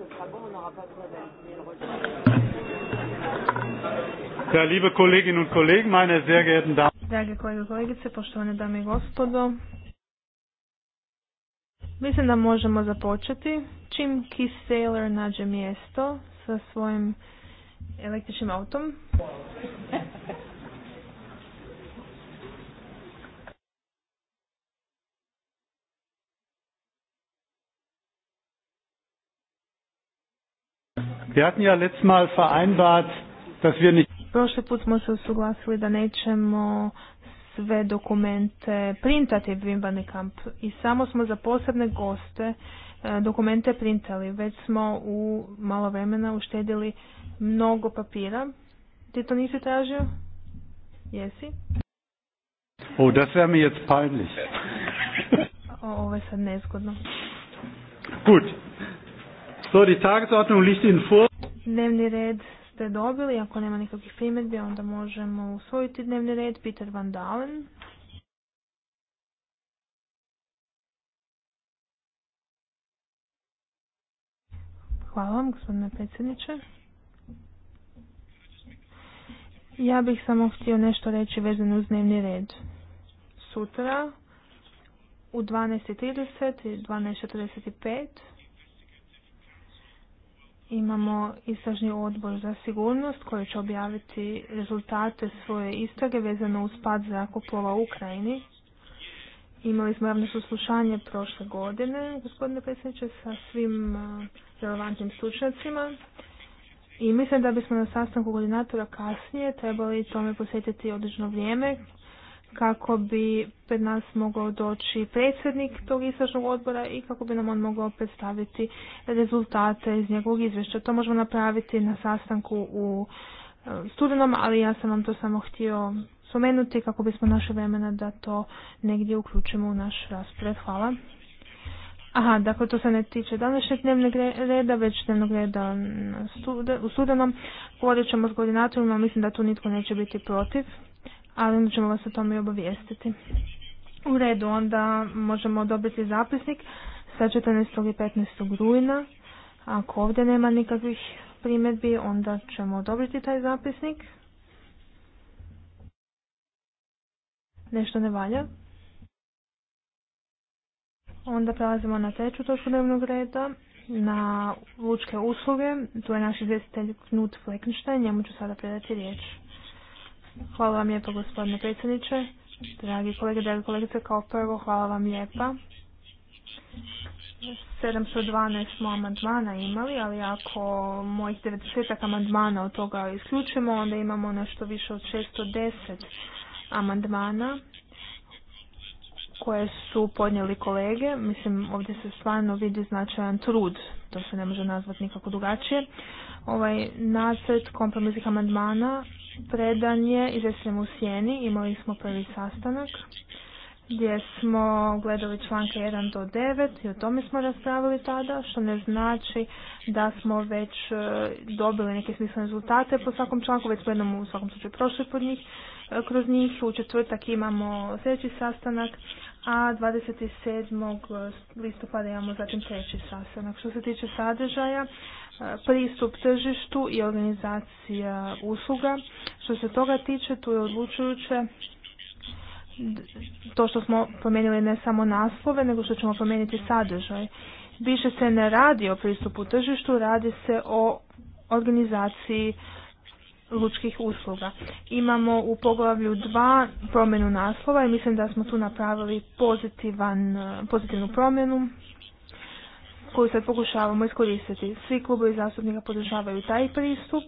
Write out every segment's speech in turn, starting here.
ce sera bon, on n'aura pas Ja, liebe Kolleginnen und Kollegen, meine sehr geehrten Damen. Drage kolege i kolegice, poštovane dame i gospodo, mislim da možemo započeti. Čim Keith Sailor nađe mjesto sa svojim električnim autom. Wir hatten ja letztes Mal vereinbart, dass wir nicht Prošli put smo se usuglasili da nećemo sve dokumente printati Wimbani Kamp i samo smo za posebne goste e, dokumente printali. Već smo u malo vremena uštedili mnogo papira. Ti to nisi tražio? Jesi? o oh, da wäre mi jetzt peinlich. Ovo je sad nezgodno. Gut. So, die Tagesordnung liegt Ihnen vor. Dnevni red ste dobili, ako nema nikakvih primjedbi, onda možemo usvojiti dnevni red. Peter Van Dalen. Hvala vam, gospodine predsjedniče. Ja bih samo htio nešto reći vezano uz dnevni red. Sutra u 12.30 i 12.45 imamo istražni odbor za sigurnost koji će objaviti rezultate svoje istrage vezano uz pad zrakoplova u Ukrajini. Imali smo javno saslušanje prošle godine, gospodine predsjedniče, sa svim uh, relevantnim stručnjacima. I mislim da bismo na sastanku koordinatora kasnije trebali tome posjetiti određeno vrijeme kako bi pred nas mogao doći predsjednik tog istražnog odbora i kako bi nam on mogao predstaviti rezultate iz njegovog izvješća. To možemo napraviti na sastanku u e, studenom, ali ja sam vam to samo htio spomenuti kako bismo naše vremena da to negdje uključimo u naš raspored. Hvala. Aha, dakle to se ne tiče današnjeg dnevnog reda, već dnevnog reda u studenom. Govorit ćemo s koordinatorima, mislim da tu nitko neće biti protiv ali onda ćemo vas o tome i obavijestiti. U redu, onda možemo odobriti zapisnik sa 14. i 15. rujna. Ako ovdje nema nikakvih primjedbi, onda ćemo odobriti taj zapisnik. Nešto ne valja. Onda prelazimo na treću točku dnevnog reda, na lučke usluge. Tu je naš izvjestitelj Knut Fleckenstein, njemu ću sada predati riječ. Hvala vam lijepo gospodine predsjedniče. Dragi kolege, dragi kolegice, kao prvo hvala vam lijepa. 712 smo amandmana imali, ali ako mojih 90 amandmana od toga isključimo, onda imamo nešto više od 610 amandmana koje su podnijeli kolege. Mislim, ovdje se stvarno vidi značajan trud, to se ne može nazvati nikako drugačije. Ovaj nacrt kompromisnih amandmana predan je izvješćem u Sjeni, imali smo prvi sastanak gdje smo gledali članke 1 do 9 i o tome smo raspravili tada, što ne znači da smo već e, dobili neke smislene rezultate po svakom članku, već smo jednom u svakom slučaju prošli pod njih, e, kroz njih. U četvrtak imamo sljedeći sastanak, a 27. listopada imamo zatim treći sastanak. Što se tiče sadržaja, pristup tržištu i organizacija usluga. Što se toga tiče, tu je odlučujuće to što smo promijenili ne samo naslove, nego što ćemo promijeniti sadržaj. Više se ne radi o pristupu tržištu, radi se o organizaciji lučkih usluga. Imamo u poglavlju dva promjenu naslova i mislim da smo tu napravili pozitivan, pozitivnu promjenu koju sad pokušavamo iskoristiti. Svi klubovi zastupnika podržavaju taj pristup.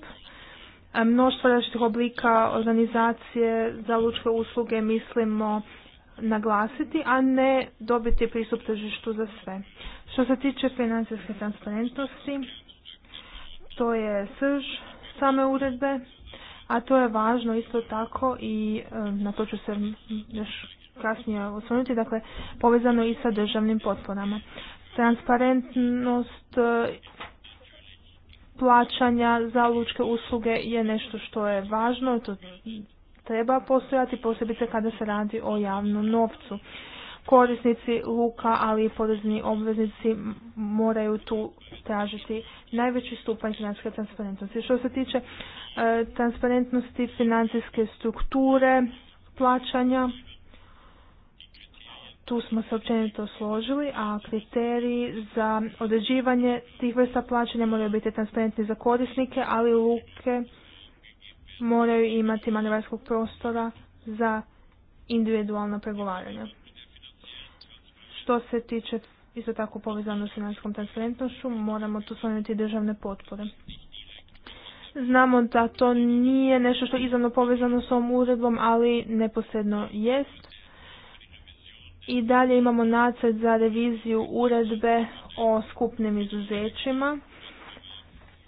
E, Mnoštvo različitih oblika organizacije za lučke usluge mislimo naglasiti, a ne dobiti pristup tržištu za sve. Što se tiče financijske transparentnosti, to je srž same uredbe, a to je važno isto tako i e, na to ću se još kasnije osvrnuti, dakle povezano i sa državnim potporama. Transparentnost e, plaćanja za lučke usluge je nešto što je važno to treba postojati, posebice kada se radi o javnom novcu. Korisnici luka, ali i porezni obveznici moraju tu tražiti najveći stupanj financijske transparentnosti. Što se tiče e, transparentnosti financijske strukture plaćanja, tu smo se općenito složili, a kriteriji za određivanje tih vrsta plaćanja moraju biti transparentni za korisnike, ali luke moraju imati manevarskog prostora za individualna pregovaranja. Što se tiče isto tako povezano s financijskom transparentnošću, moramo tu spomenuti državne potpore. Znamo da to nije nešto što je izravno povezano s ovom uredbom, ali neposredno jest. I dalje imamo nacrt za reviziju uredbe o skupnim izuzećima.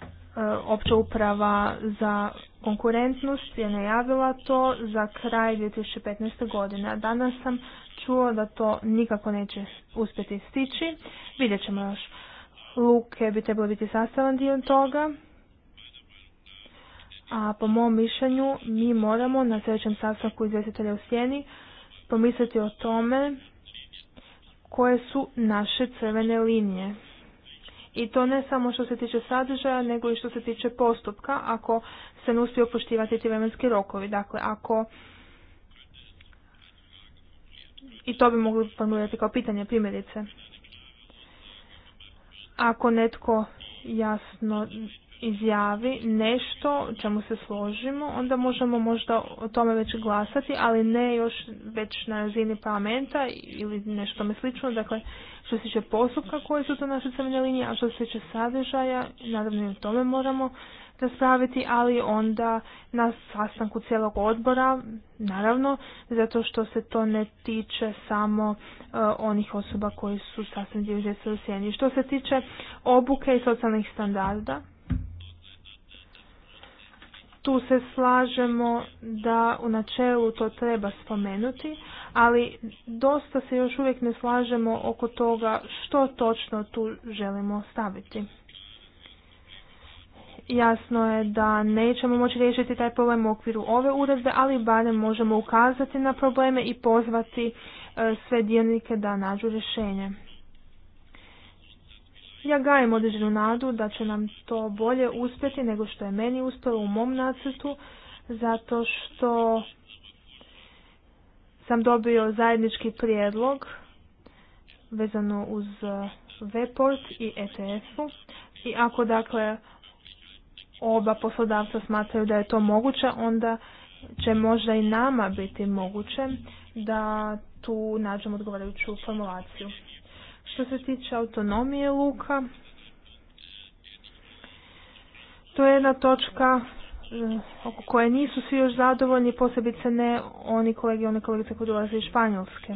E, opća uprava za konkurentnost je najavila to za kraj 2015. godine. a Danas sam čuo da to nikako neće uspjeti stići. Vidjet ćemo još. Luke bi trebalo biti sastavan dio toga. A po mom mišljenju mi moramo na sljedećem sastanku izvjestitelja u sjeni pomisliti o tome koje su naše crvene linije. I to ne samo što se tiče sadržaja, nego i što se tiče postupka, ako se ne uspije poštivati ti vremenski rokovi. Dakle, ako i to bi mogli formulirati kao pitanje primjerice. Ako netko jasno izjavi nešto čemu se složimo, onda možemo možda o tome već glasati, ali ne još već na razini parlamenta ili nešto tome slično. Dakle, što se tiče postupka koje su to naše crvene linije, a što se tiče sadržaja, naravno i o tome moramo raspraviti, ali onda na sastanku cijelog odbora, naravno, zato što se to ne tiče samo e, onih osoba koji su sasvim u sjeni. Što se tiče obuke i socijalnih standarda, tu se slažemo da u načelu to treba spomenuti, ali dosta se još uvijek ne slažemo oko toga što točno tu želimo staviti. Jasno je da nećemo moći riješiti taj problem u okviru ove uredbe, ali barem možemo ukazati na probleme i pozvati e, sve dionike da nađu rješenje. Ja gajem određenu nadu da će nam to bolje uspjeti nego što je meni uspjelo u mom nacrtu, zato što sam dobio zajednički prijedlog vezano uz Vport eh, i ETF-u. I ako dakle oba poslodavca smatraju da je to moguće, onda će možda i nama biti moguće da tu nađemo odgovarajuću formulaciju. Što se tiče autonomije luka, to je jedna točka eh, oko koje nisu svi još zadovoljni, posebice ne oni kolege i one kolegice koji dolaze iz Španjolske.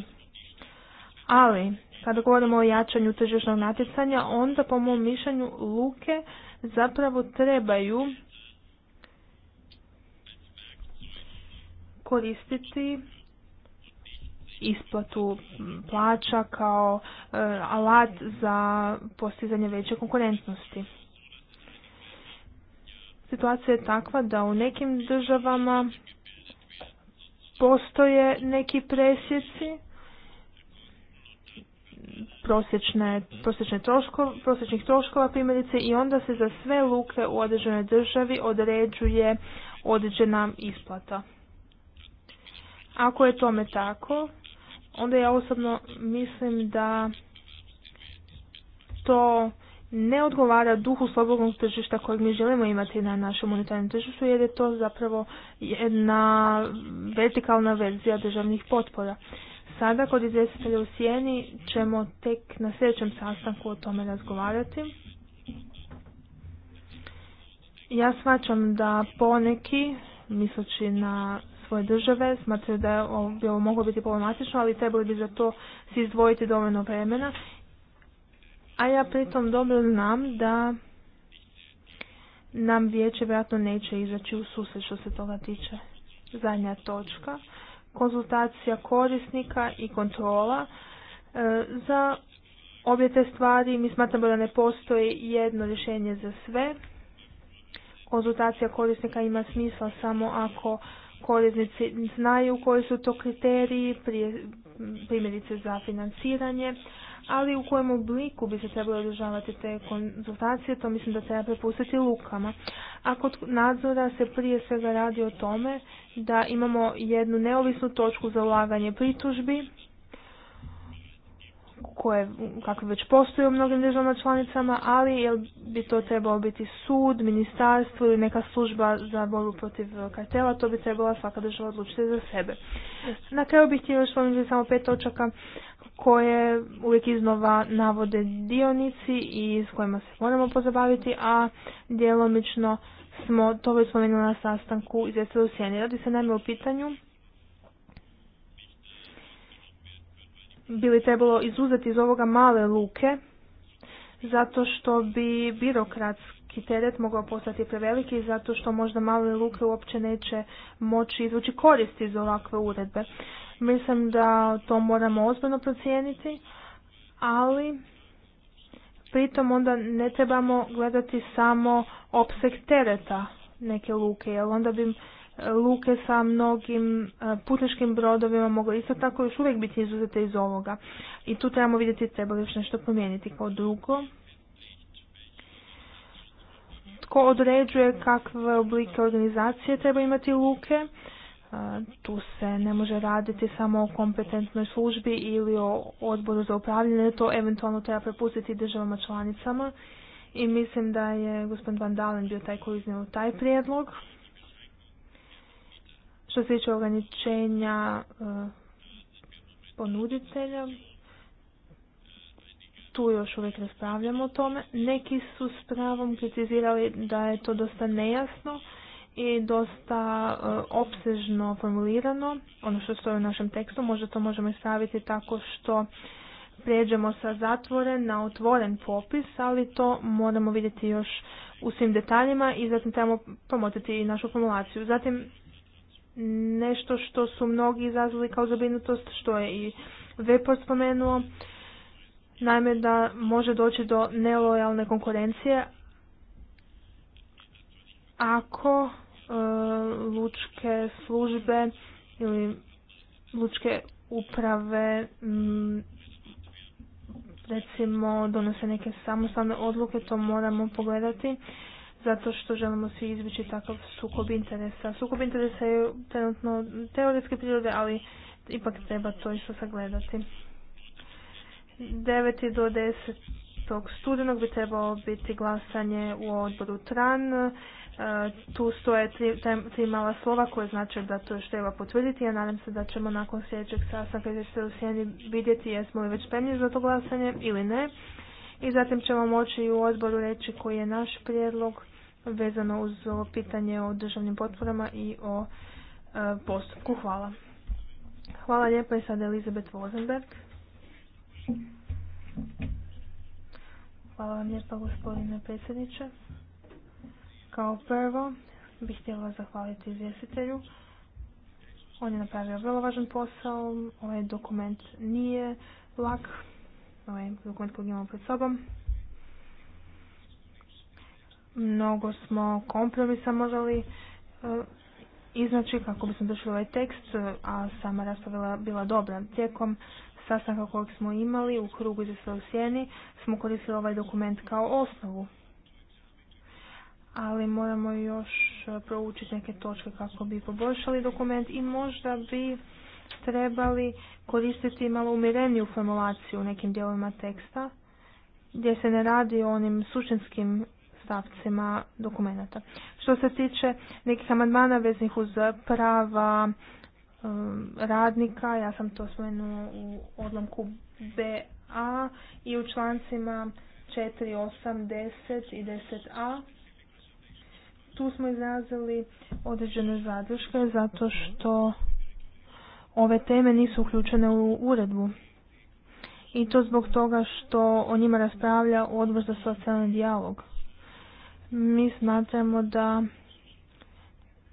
Ali, kada govorimo o jačanju tržišnog natjecanja, onda po mom mišljenju luke zapravo trebaju koristiti isplatu plaća kao e, alat za postizanje veće konkurentnosti. Situacija je takva da u nekim državama postoje neki presjeci, prosječne, prosječne troško, prosječnih troškova primjerice i onda se za sve luke u određenoj državi određuje određena isplata. Ako je tome tako, onda ja osobno mislim da to ne odgovara duhu slobodnog tržišta kojeg mi želimo imati na našem unitarnom tržištu jer je to zapravo jedna vertikalna verzija državnih potpora. Sada kod izvjestitelja u Sijeni ćemo tek na sljedećem sastanku o tome razgovarati. Ja svačam da poneki, misleći na svoje države, smatraju da bi ovo moglo biti problematično, ali trebali bi za to si izdvojiti dovoljno vremena. A ja pritom dobro znam da nam vijeće vjerojatno neće izaći u susret što se toga tiče. Zadnja točka, konzultacija korisnika i kontrola. E, za obje te stvari mi smatramo da ne postoji jedno rješenje za sve. Konzultacija korisnika ima smisla samo ako korisnici znaju koji su to kriteriji, primjerice za financiranje, ali u kojem obliku bi se trebalo održavati te konzultacije, to mislim da treba prepustiti lukama. A kod nadzora se prije svega radi o tome da imamo jednu neovisnu točku za ulaganje pritužbi, koje, kakve već postoje u mnogim državama članicama, ali jel bi to trebao biti sud, ministarstvo ili neka služba za borbu protiv kartela, to bi trebala svaka država odlučiti za sebe. Na kraju bih htio još spomenuti samo pet točaka koje uvijek iznova navode dionici i s kojima se moramo pozabaviti, a djelomično smo to već spomenuli na sastanku iz u Sjeni. Radi se naime o pitanju bili trebalo izuzeti iz ovoga male luke, zato što bi birokratski teret mogao postati preveliki i zato što možda male luke uopće neće moći izvući koristi iz ovakve uredbe. Mislim da to moramo ozbiljno procijeniti, ali pritom onda ne trebamo gledati samo opseg tereta neke luke, jer onda bi luke sa mnogim e, putničkim brodovima mogu isto tako još uvijek biti izuzete iz ovoga. I tu trebamo vidjeti treba li još nešto promijeniti. Kao drugo, tko određuje kakve oblike organizacije treba imati luke, e, tu se ne može raditi samo o kompetentnoj službi ili o odboru za upravljanje, to eventualno treba prepustiti državama članicama i mislim da je gospodin Van Dalen bio taj koji iznio taj prijedlog. Što se tiče ograničenja eh, ponuditelja, tu još uvijek raspravljamo o tome. Neki su s pravom kritizirali da je to dosta nejasno i dosta eh, opsežno formulirano. Ono što stoji u našem tekstu, možda to možemo staviti tako što pređemo sa zatvoren na otvoren popis, ali to moramo vidjeti još u svim detaljima i zatim trebamo promotiti i našu formulaciju. Zatim nešto što su mnogi izazvali kao zabrinutost, što je i Vepor spomenuo, naime da može doći do nelojalne konkurencije ako e, lučke službe ili lučke uprave recimo donose neke samostalne odluke, to moramo pogledati zato što želimo svi izbjeći takav sukob interesa. Sukob interesa je trenutno teoretske prirode, ali ipak treba to isto sagledati. 9. do 10. studenog bi trebalo biti glasanje u odboru TRAN. E, tu stoje tri, tri mala slova koje znači da to još treba potvrditi. Ja nadam se da ćemo nakon sljedećeg sastanka izvješća u Sjeni vidjeti jesmo li već spremni za to glasanje ili ne. I zatim ćemo moći u odboru reći koji je naš prijedlog vezano uz ovo pitanje o državnim potporama i o e, postupku. Hvala. Hvala lijepa i sada Elizabeth Vozenberg. Hvala vam lijepa gospodine predsjedniče. Kao prvo bih htjela zahvaliti izvjestitelju. On je napravio vrlo važan posao. Ovaj dokument nije lak. Ovaj dokument koji imamo pred sobom. Mnogo smo kompromisa morali e, iznaći kako smo došli ovaj tekst, e, a sama rasprava bila dobra. Tijekom sastanka kojeg smo imali u krugu za sve u sjeni smo koristili ovaj dokument kao osnovu. Ali moramo još e, proučiti neke točke kako bi poboljšali dokument i možda bi trebali koristiti malo umireniju formulaciju u nekim dijelovima teksta gdje se ne radi o onim suštinskim stavcima dokumenta. Što se tiče nekih amandmana veznih uz prava um, radnika, ja sam to spomenula u odlomku BA i u člancima 4, 8, 10 i 10a. Tu smo izrazili određene zadrške zato što ove teme nisu uključene u uredbu i to zbog toga što o njima raspravlja odbor za socijalni dijalog. Mi smatramo da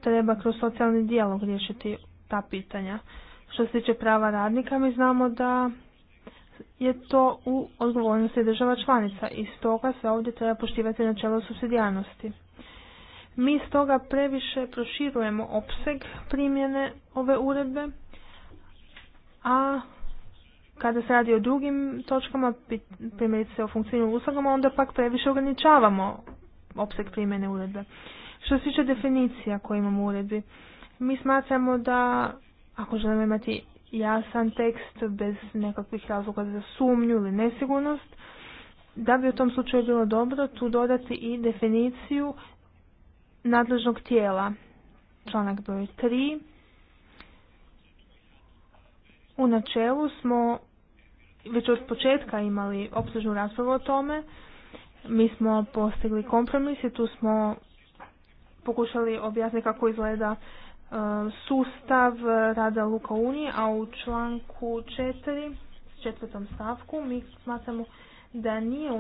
treba kroz socijalni dijalog riješiti ta pitanja. Što se tiče prava radnika, mi znamo da je to u odgovornosti država članica i stoga se ovdje treba poštivati načelo subsidijarnosti. Mi stoga previše proširujemo opseg primjene ove uredbe, a kada se radi o drugim točkama, primjerice o funkcioniranju uslugama, onda pak previše ograničavamo opseg primjene uredbe. Što se tiče definicija koje imamo u uredbi, mi smatramo da ako želimo imati jasan tekst bez nekakvih razloga za sumnju ili nesigurnost, da bi u tom slučaju bilo dobro tu dodati i definiciju nadležnog tijela. Članak broj 3. U načelu smo već od početka imali opsežnu raspravu o tome mi smo postigli kompromis i tu smo pokušali objasniti kako izgleda e, sustav rada Luka Unije, a u članku 4, četvrtom stavku, mi smatramo da nije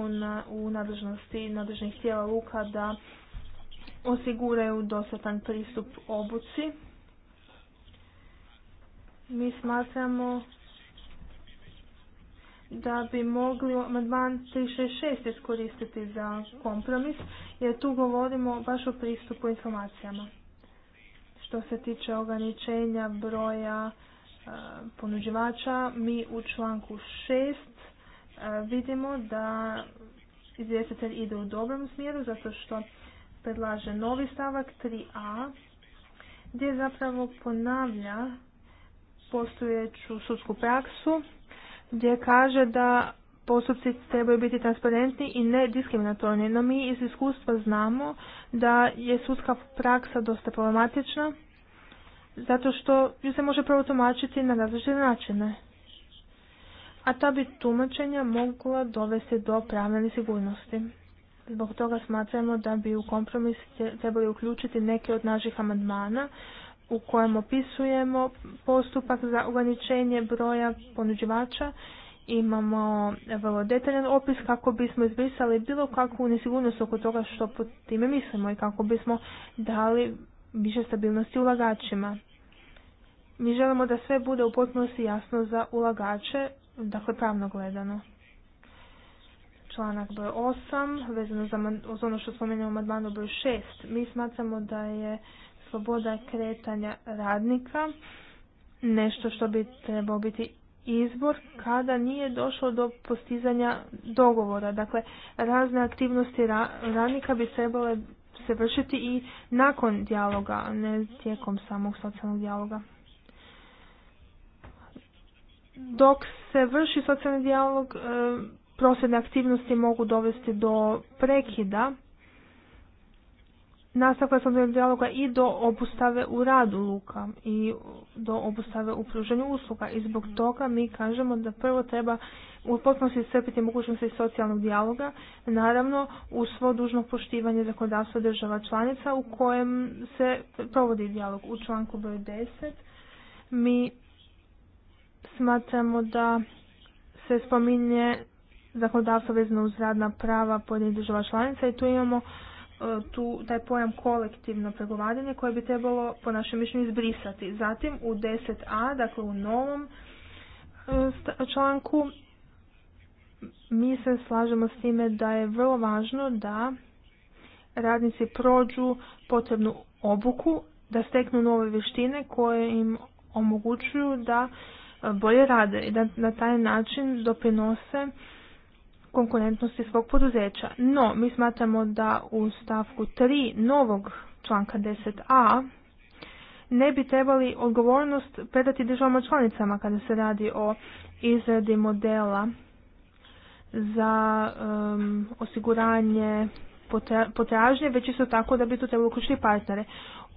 u nadležnosti nadležnih tijela Luka da osiguraju dostatan pristup obuci. Mi smatramo da bi mogli amandman 366 iskoristiti za kompromis, jer tu govorimo baš o pristupu informacijama. Što se tiče ograničenja broja e, ponuđivača, mi u članku 6 e, vidimo da izvjestitelj ide u dobrom smjeru, zato što predlaže novi stavak 3a, gdje zapravo ponavlja postojeću sudsku praksu gdje kaže da postupci trebaju biti transparentni i nediskriminatorni, no mi iz iskustva znamo da je sudska praksa dosta problematična zato što ju se može prvo tumačiti na različite načine. A ta bi tumačenja mogla dovesti do pravne nesigurnosti. Zbog toga smatramo da bi u kompromis trebali uključiti neke od naših amandmana u kojem opisujemo postupak za ograničenje broja ponuđivača. Imamo vrlo detaljan opis kako bismo izbrisali bilo kakvu nesigurnost oko toga što pod time mislimo i kako bismo dali više stabilnosti ulagačima. Mi želimo da sve bude u potpunosti jasno za ulagače, dakle pravno gledano. Članak broj 8, vezano za ono što spomenuo u amandmanu broj 6, mi smatramo da je sloboda kretanja radnika nešto što bi trebao biti izbor kada nije došlo do postizanja dogovora. Dakle, razne aktivnosti radnika bi trebale se vršiti i nakon dijaloga, a ne tijekom samog socijalnog dijaloga. Dok se vrši socijalni dijalog, e, prosvjedne aktivnosti mogu dovesti do prekida nastavka slobodnog dijaloga i do obustave u radu luka i do obustave u pruženju usluga. I zbog toga mi kažemo da prvo treba u potpunosti iscrpiti mogućnosti socijalnog dijaloga, naravno u svo dužno poštivanje zakonodavstva država članica u kojem se provodi dijalog. U članku broj 10 mi smatramo da se spominje zakonodavstvo vezano uz radna prava pojedinih država članica i tu imamo tu, taj pojam kolektivno pregovaranje koje bi trebalo po našem mišljenju izbrisati. Zatim u 10a, dakle u novom e, članku, mi se slažemo s time da je vrlo važno da radnici prođu potrebnu obuku, da steknu nove vještine koje im omogućuju da e, bolje rade i da na taj način doprinose konkurentnosti svog poduzeća. No, mi smatramo da u stavku 3 novog članka 10a ne bi trebali odgovornost predati državama članicama kada se radi o izradi modela za um, osiguranje potražnje, već isto tako da bi tu trebalo uključiti partnere.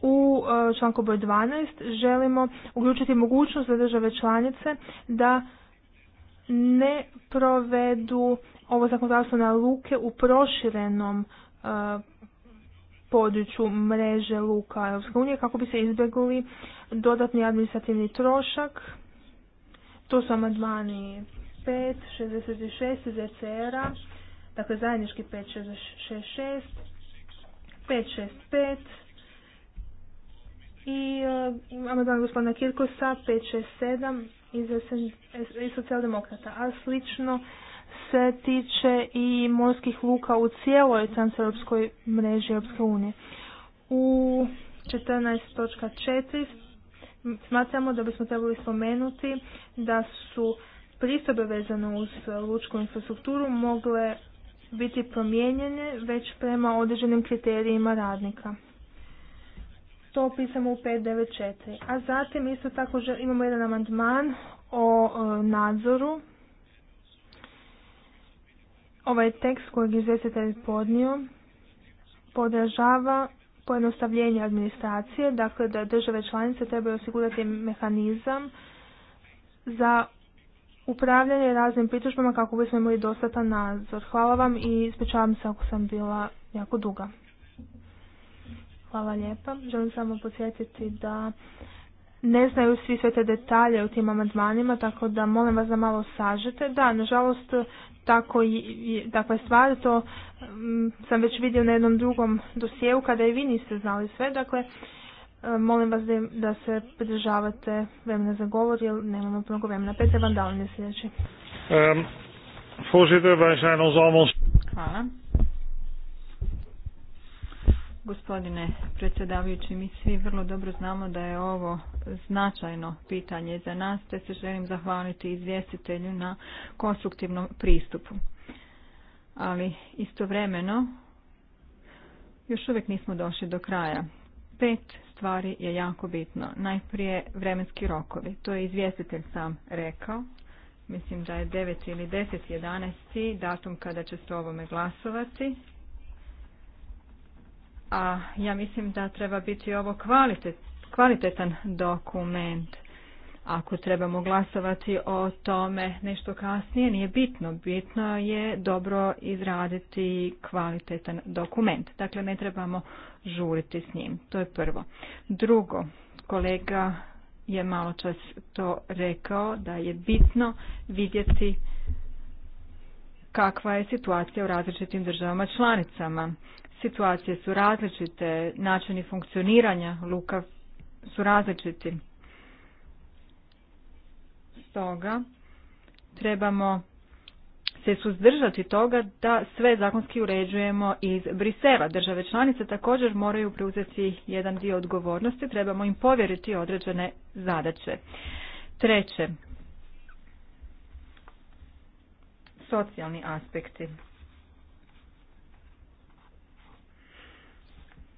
U uh, članku broj 12 želimo uključiti mogućnost za države članice da ne provedu ovo zakonodavstvo na luke u proširenom e, području mreže luka EU kako bi se izbjegli dodatni administrativni trošak. To su amandmani 5, 66 ZCR-a, dakle zajednički 566, 565 i uh, amandman gospodina Kirkosa 567 iz, SN, iz socijaldemokrata, a slično se tiče i morskih luka u cijeloj transeuropskoj mreži Europske unije. U 14.4 smatramo da bismo trebali spomenuti da su pristobe vezane uz lučku infrastrukturu mogle biti promijenjene već prema određenim kriterijima radnika. To pisamo u 594. A zatim isto tako imamo jedan amandman o e, nadzoru Ovaj tekst kojeg izvjestitelj podnio podražava pojednostavljenje administracije, dakle da države članice trebaju osigurati mehanizam za upravljanje raznim pritužbama kako bismo imali dostatan nadzor. Hvala vam i ispričavam se ako sam bila jako duga. Hvala lijepa. Želim samo podsjetiti da ne znaju svi sve te detalje u tim amandmanima, tako da molim vas da malo sažete. Da, nažalost, tako i takva stvar, to mm, sam već vidio na jednom drugom dosjeu kada i vi niste znali sve, dakle e, molim vas da, se pridržavate vremena za govor jer nemamo mnogo vremena. Petra Vandalin je sljedeći. Ehm, Hvala. Gospodine predsjedavajući, mi svi vrlo dobro znamo da je ovo značajno pitanje za nas, te se želim zahvaliti izvjestitelju na konstruktivnom pristupu. Ali istovremeno, još uvijek nismo došli do kraja. Pet stvari je jako bitno. Najprije vremenski rokovi. To je izvjestitelj sam rekao. Mislim da je 9. ili 10. 11. datum kada će se ovome glasovati a ja mislim da treba biti ovo kvalitetan dokument. Ako trebamo glasovati o tome nešto kasnije, nije bitno. Bitno je dobro izraditi kvalitetan dokument. Dakle, ne trebamo žuriti s njim. To je prvo. Drugo, kolega je malo čas to rekao da je bitno vidjeti kakva je situacija u različitim državama članicama situacije su različite, načini funkcioniranja luka su različiti. Stoga trebamo se suzdržati toga da sve zakonski uređujemo iz Brisela. Države članice također moraju preuzeti jedan dio odgovornosti, trebamo im povjeriti određene zadaće. Treće, socijalni aspekti.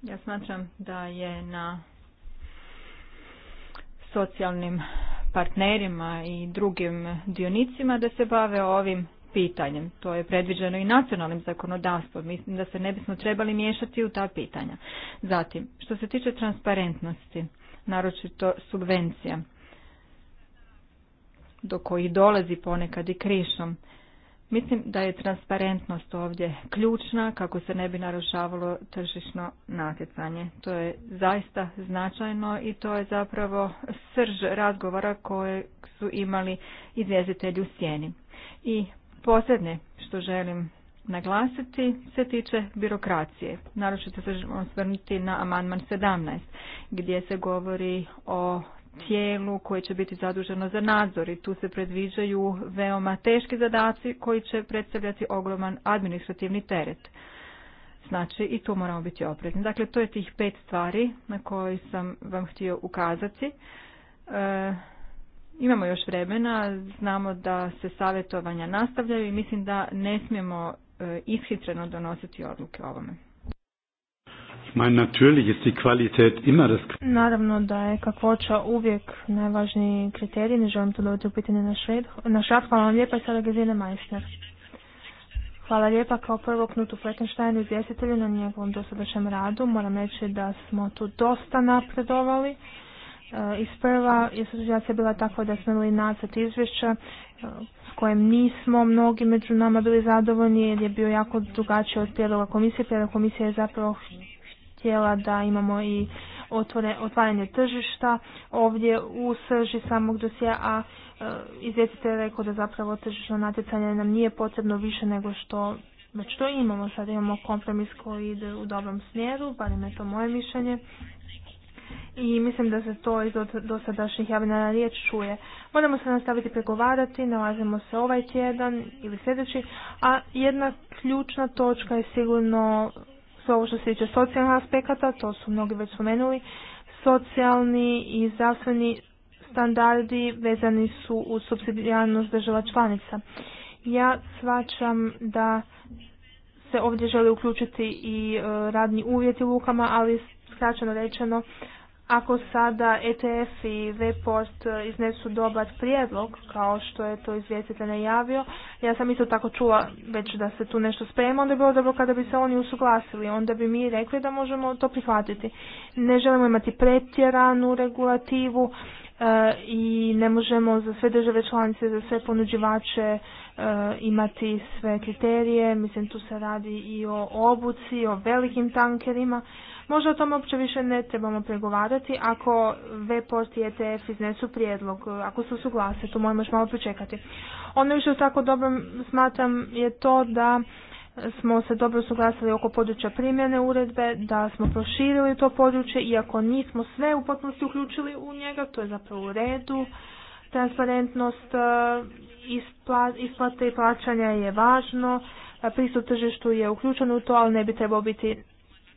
Ja smatram da je na socijalnim partnerima i drugim dionicima da se bave ovim pitanjem. To je predviđeno i nacionalnim zakonodavstvom. Mislim da se ne bismo trebali miješati u ta pitanja. Zatim, što se tiče transparentnosti, naročito subvencija, do koji dolazi ponekad i krišom, Mislim da je transparentnost ovdje ključna kako se ne bi narušavalo tržišno natjecanje. To je zaista značajno i to je zapravo srž razgovora koje su imali izvjezitelji u sjeni. I posljednje što želim naglasiti se tiče birokracije. Naročito se osvrnuti na amandman 17 gdje se govori o tijelu koje će biti zaduženo za nadzor i tu se predviđaju veoma teški zadaci koji će predstavljati ogroman administrativni teret. Znači i tu moramo biti oprezni. Dakle, to je tih pet stvari na koje sam vam htio ukazati. E, imamo još vremena, znamo da se savjetovanja nastavljaju i mislim da ne smijemo e, ishitreno donositi odluke o ovome. Naravno da je kakvoća uvijek najvažniji kriterij, ne želim to dobiti u pitanje na šred. Na šred, hvala vam lijepa i sada gazine majster. Hvala lijepa kao prvo Knutu Fleckensteinu izvjestitelju na njegovom dosadašnjem radu. Moram reći da smo tu dosta napredovali. E, isprva je situacija bila takva da smo imali nacrt izvješća e, s kojim nismo mnogi među nama bili zadovoljni jer je bio jako drugačiji od prijedloga komisije. Prijedlog komisija je zapravo htjela da imamo i otvore, otvaranje tržišta ovdje u srži samog dosija, a e, izvjestitelj je rekao da zapravo tržišno natjecanje nam nije potrebno više nego što već to imamo. Sad imamo kompromis koji ide u dobrom smjeru, barem je to moje mišljenje. I mislim da se to iz dosadašnjih javina na riječ čuje. Moramo se nastaviti pregovarati, nalazimo se ovaj tjedan ili sljedeći, a jedna ključna točka je sigurno ovo što se tiče socijalnih aspekata, to su mnogi već spomenuli, socijalni i zdravstveni standardi vezani su u subsidijarnost država članica. Ja svačam da se ovdje želi uključiti i e, radni uvjeti u lukama, ali skraćeno rečeno ako sada ETF i Vport e, iznesu dobar prijedlog, kao što je to izvjestitelj najavio, ja sam isto tako čula već da se tu nešto sprema, onda bi bilo dobro kada bi se oni usuglasili, onda bi mi rekli da možemo to prihvatiti. Ne želimo imati pretjeranu regulativu, E, i ne možemo za sve države članice, za sve ponuđivače e, imati sve kriterije. Mislim, tu se radi i o obuci, o velikim tankerima. Možda o tome uopće više ne trebamo pregovarati ako VPORT i ETF iznesu prijedlog, e, ako su suglase, to moramo još malo pričekati. Ono što tako dobro smatram je to da smo se dobro suglasili oko područja primjene uredbe, da smo proširili to područje, iako nismo sve u potpunosti uključili u njega, to je zapravo u redu. Transparentnost e, isplate i plaćanja je važno, e, pristup tržištu je uključen u to, ali ne bi trebao biti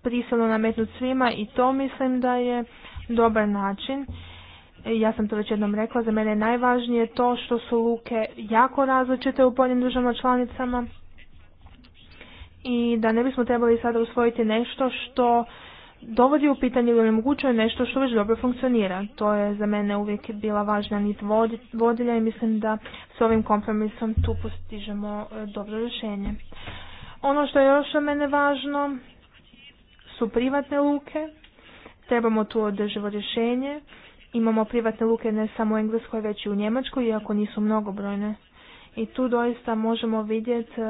prisilno nametnut svima i to mislim da je dobar način. E, ja sam to već jednom rekla, za mene je najvažnije to što su luke jako različite u pojedinim državama članicama i da ne bismo trebali sada usvojiti nešto što dovodi u pitanje ili omogućuje nešto što već dobro funkcionira. To je za mene uvijek bila važna nit vodilja i mislim da s ovim kompromisom tu postižemo e, dobro rješenje. Ono što je još za mene važno su privatne luke. Trebamo tu održivo rješenje. Imamo privatne luke ne samo u Engleskoj, već i u Njemačkoj, iako nisu mnogobrojne. I tu doista možemo vidjeti, e,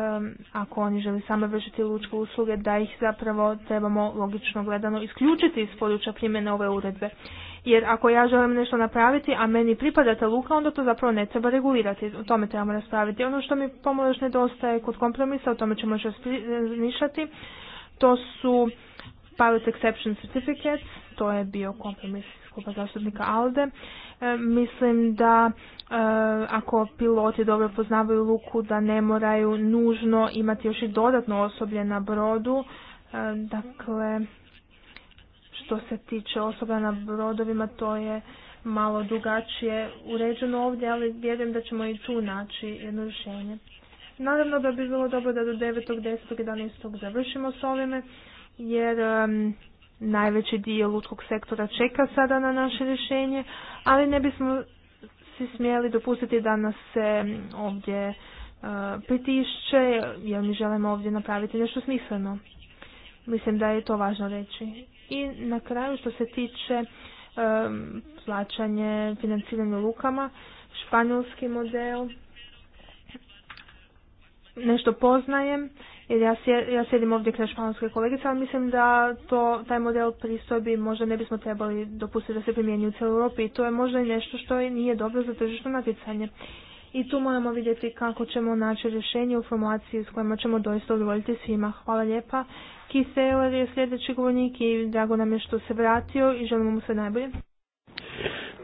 ako oni žele same vršiti lučke usluge, da ih zapravo trebamo logično gledano isključiti iz područja primjene ove uredbe. Jer ako ja želim nešto napraviti, a meni pripada ta luka, onda to zapravo ne treba regulirati. O tome trebamo raspraviti. Ono što mi pomalo još nedostaje kod kompromisa, o tome ćemo još razmišljati, to su pilot exception certificates, to je bio kompromis Kluba zastupnika ALDE. E, mislim da e, ako piloti dobro poznavaju luku, da ne moraju nužno imati još i dodatno osoblje na brodu. E, dakle, što se tiče osoba na brodovima, to je malo drugačije uređeno ovdje, ali vjerujem da ćemo i tu naći jedno rješenje. Naravno da bi bilo dobro da do 11. završimo s ovime, jer najveći dio lučkog sektora čeka sada na naše rješenje, ali ne bismo si smjeli dopustiti da nas se ovdje e, pritišće, jer mi želimo ovdje napraviti nešto smisleno. Mislim da je to važno reći. I na kraju što se tiče plaćanja, e, plaćanje, lukama, španjolski model, nešto poznajem jer ja, ja sjedim ovdje kraj španjolske kolegice, ali mislim da to, taj model pristojbi možda ne bismo trebali dopustiti da se primijeni u cijeloj Europi i to je možda i nešto što nije dobro za tržišno natjecanje. I tu moramo vidjeti kako ćemo naći rješenje u formulaciji s kojima ćemo doista udovoljiti svima. Hvala lijepa. Keith je sljedeći govornik i drago nam je što se vratio i želimo mu sve najbolje.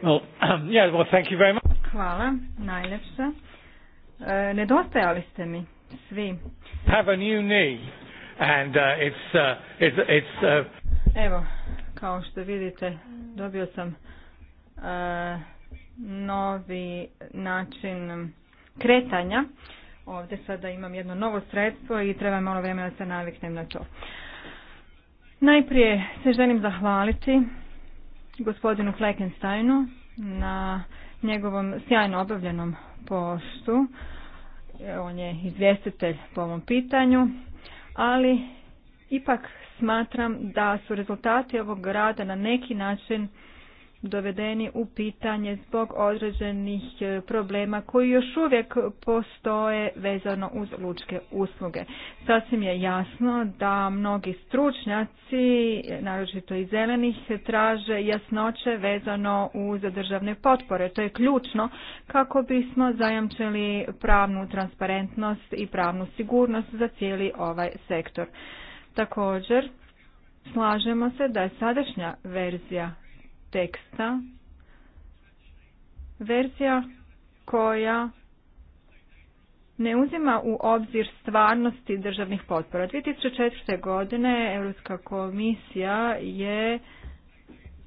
Well, yeah, well, thank you very much. Hvala, najljepša. E, nedostajali ste mi svi. Have a new knee and uh, uh, it's, it's, it's, uh, Evo, kao što vidite, dobio sam novi način kretanja. Ovdje sada imam jedno novo sredstvo i treba malo vremena da se naviknem na to. Najprije se želim zahvaliti gospodinu Fleckensteinu na njegovom sjajno obavljenom postu on je izvjestitelj po ovom pitanju, ali ipak smatram da su rezultati ovog rada na neki način dovedeni u pitanje zbog određenih e, problema koji još uvijek postoje vezano uz lučke usluge. Sasvim je jasno da mnogi stručnjaci, naročito i zelenih, traže jasnoće vezano uz državne potpore. To je ključno kako bismo zajamčili pravnu transparentnost i pravnu sigurnost za cijeli ovaj sektor. Također, slažemo se da je sadašnja verzija teksta verzija koja ne uzima u obzir stvarnosti državnih potpora. 2004. godine Europska komisija je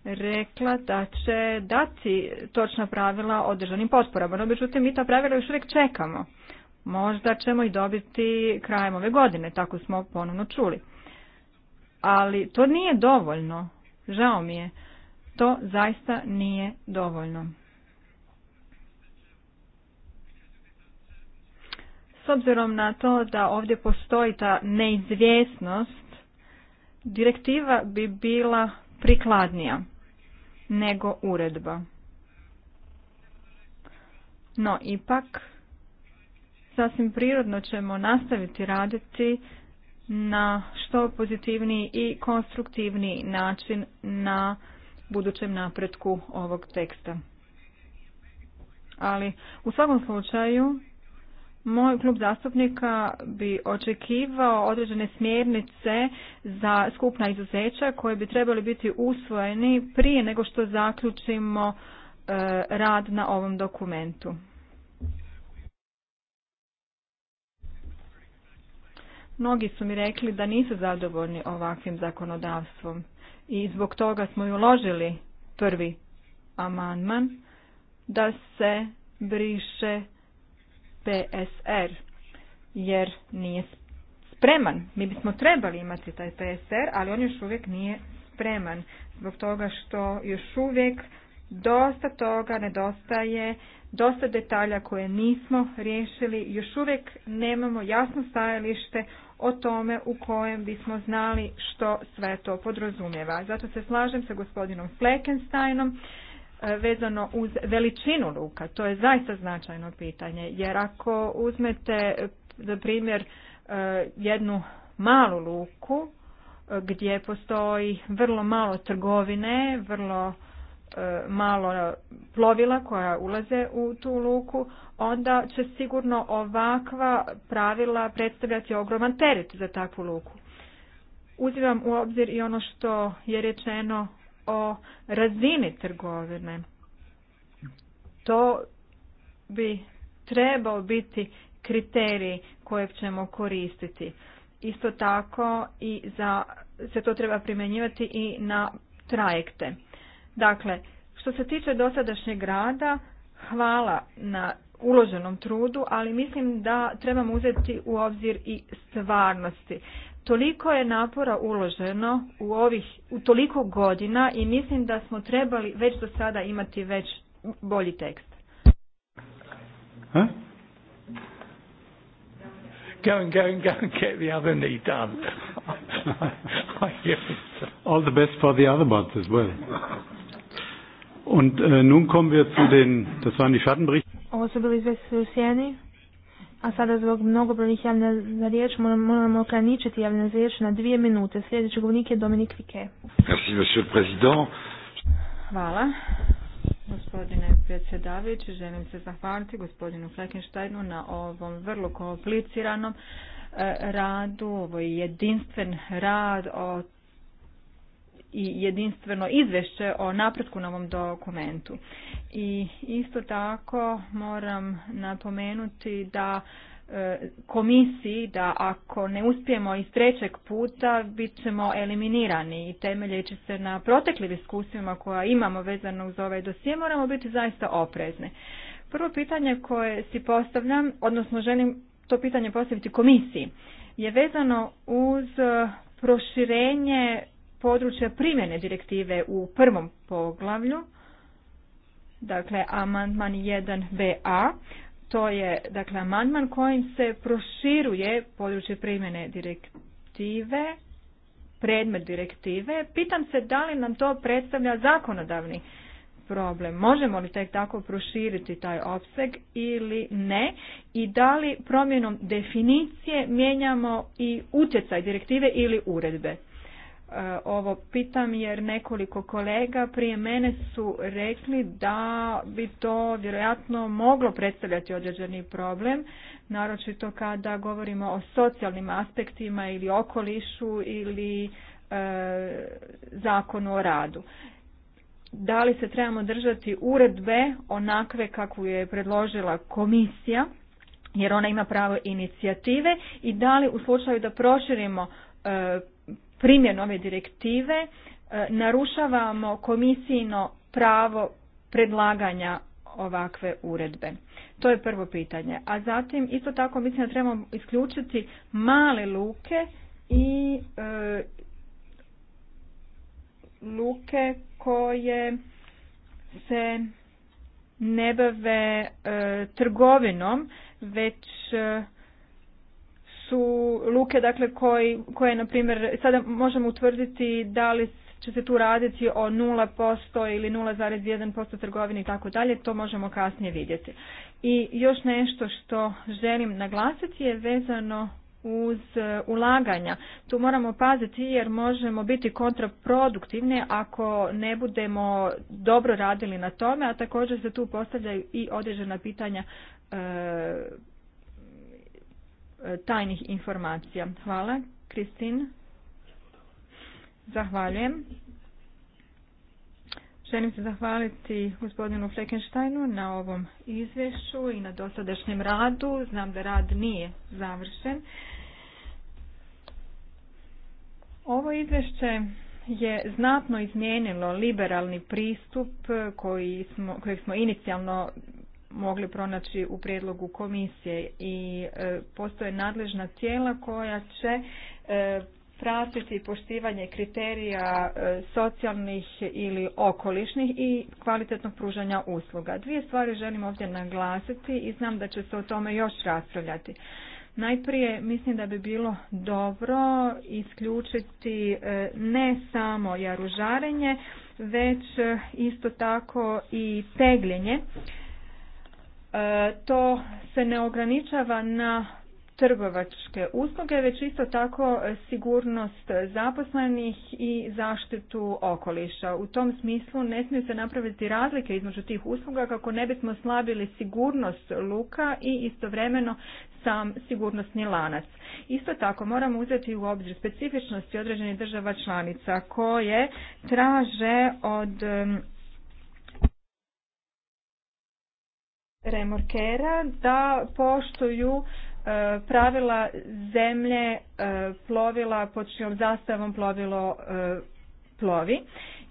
rekla da će dati točna pravila o državnim potporama. No, međutim, mi ta pravila još uvijek čekamo. Možda ćemo i dobiti krajem ove godine, tako smo ponovno čuli. Ali to nije dovoljno. Žao mi je. To zaista nije dovoljno. S obzirom na to da ovdje postoji ta neizvjesnost, direktiva bi bila prikladnija nego uredba. No ipak, sasvim prirodno ćemo nastaviti raditi na što pozitivniji i konstruktivniji način na budućem napretku ovog teksta. Ali u svakom slučaju moj klub zastupnika bi očekivao određene smjernice za skupna izuzeća koje bi trebali biti usvojeni prije nego što zaključimo e, rad na ovom dokumentu. Mnogi su mi rekli da nisu zadovoljni ovakvim zakonodavstvom i zbog toga smo i uložili prvi amandman da se briše PSR jer nije spreman. Mi bismo trebali imati taj PSR, ali on još uvijek nije spreman zbog toga što još uvijek dosta toga nedostaje, dosta detalja koje nismo riješili, još uvijek nemamo jasno stajalište o tome u kojem bismo znali što sve to podrazumijeva. Zato se slažem sa gospodinom Fleckensteinom e, vezano uz veličinu luka. To je zaista značajno pitanje, jer ako uzmete za primjer e, jednu malu luku e, gdje postoji vrlo malo trgovine, vrlo malo plovila koja ulaze u tu luku, onda će sigurno ovakva pravila predstavljati ogroman teret za takvu luku. Uzimam u obzir i ono što je rečeno o razini trgovine. To bi trebao biti kriterij kojeg ćemo koristiti. Isto tako i za, se to treba primjenjivati i na trajekte. Dakle, što se tiče dosadašnjeg rada, hvala na uloženom trudu, ali mislim da trebamo uzeti u obzir i stvarnosti. Toliko je napora uloženo u ovih u toliko godina i mislim da smo trebali već do sada imati već bolji tekst. Go and go go and get the other knee done. All the best for the other ones as well. Und äh, nun kommen wir zu den, das waren die Schattenberichte. Ovo bili a sada zbog mnogobrojnih javne za riječ moramo, moramo ograničiti javne za riječ na dvije minute. Sljedeći govornik je Dominik Vike. Hvala. Gospodine predsjedavajući, želim se zahvaliti gospodinu Fleckensteinu na ovom vrlo kompliciranom e, radu, ovo je jedinstven rad o i jedinstveno izvješće o napretku na ovom dokumentu. I isto tako moram napomenuti da e, komisiji da ako ne uspijemo iz trećeg puta bit ćemo eliminirani i temeljeći se na proteklim iskustvima koja imamo vezano uz ovaj dosije moramo biti zaista oprezni. Prvo pitanje koje si postavljam, odnosno želim to pitanje postaviti komisiji, je vezano uz e, proširenje područja primjene direktive u prvom poglavlju, dakle amandman 1BA, to je dakle amandman kojim se proširuje područje primjene direktive, predmet direktive. Pitam se da li nam to predstavlja zakonodavni problem. Možemo li tek tako proširiti taj opseg ili ne? I da li promjenom definicije mijenjamo i utjecaj direktive ili uredbe? E, ovo pitam jer nekoliko kolega prije mene su rekli da bi to vjerojatno moglo predstavljati određeni problem, naročito kada govorimo o socijalnim aspektima ili okolišu ili e, zakonu o radu. Da li se trebamo držati uredbe onakve kakvu je predložila komisija, jer ona ima pravo inicijative i da li u slučaju da proširimo e, primjenu ove direktive e, narušavamo komisijino pravo predlaganja ovakve uredbe. To je prvo pitanje. A zatim isto tako mislim da trebamo isključiti male luke i e, luke koje se ne bave e, trgovinom već su luke dakle koje na primjer sada možemo utvrditi da li će se tu raditi o 0% ili 0,1% trgovine i tako dalje, to možemo kasnije vidjeti. I još nešto što želim naglasiti je vezano uz e, ulaganja. Tu moramo paziti jer možemo biti kontraproduktivni ako ne budemo dobro radili na tome, a također se tu postavljaju i određena pitanja e, E, tajnih informacija. Hvala. Kristin? Zahvaljujem. Želim se zahvaliti gospodinu Fleckensteinu na ovom izvješću i na dosadašnjem radu. Znam da rad nije završen. Ovo izvješće je znatno izmijenilo liberalni pristup koji smo, kojeg smo inicijalno mogli pronaći u prijedlogu komisije i e, postoje nadležna tijela koja će e, pratiti poštivanje kriterija e, socijalnih ili okolišnih i kvalitetnog pružanja usluga. Dvije stvari želim ovdje naglasiti i znam da će se o tome još raspravljati. Najprije mislim da bi bilo dobro isključiti ne samo jaružarenje, već isto tako i tegljenje E, to se ne ograničava na trgovačke usluge, već isto tako sigurnost zaposlenih i zaštitu okoliša. U tom smislu ne smije se napraviti razlike između tih usluga kako ne bismo slabili sigurnost luka i istovremeno sam sigurnosni lanac. Isto tako moramo uzeti u obzir specifičnosti određenih država članica koje traže od remorkera da poštuju e, pravila zemlje e, plovila pod čijom zastavom plovilo e, plovi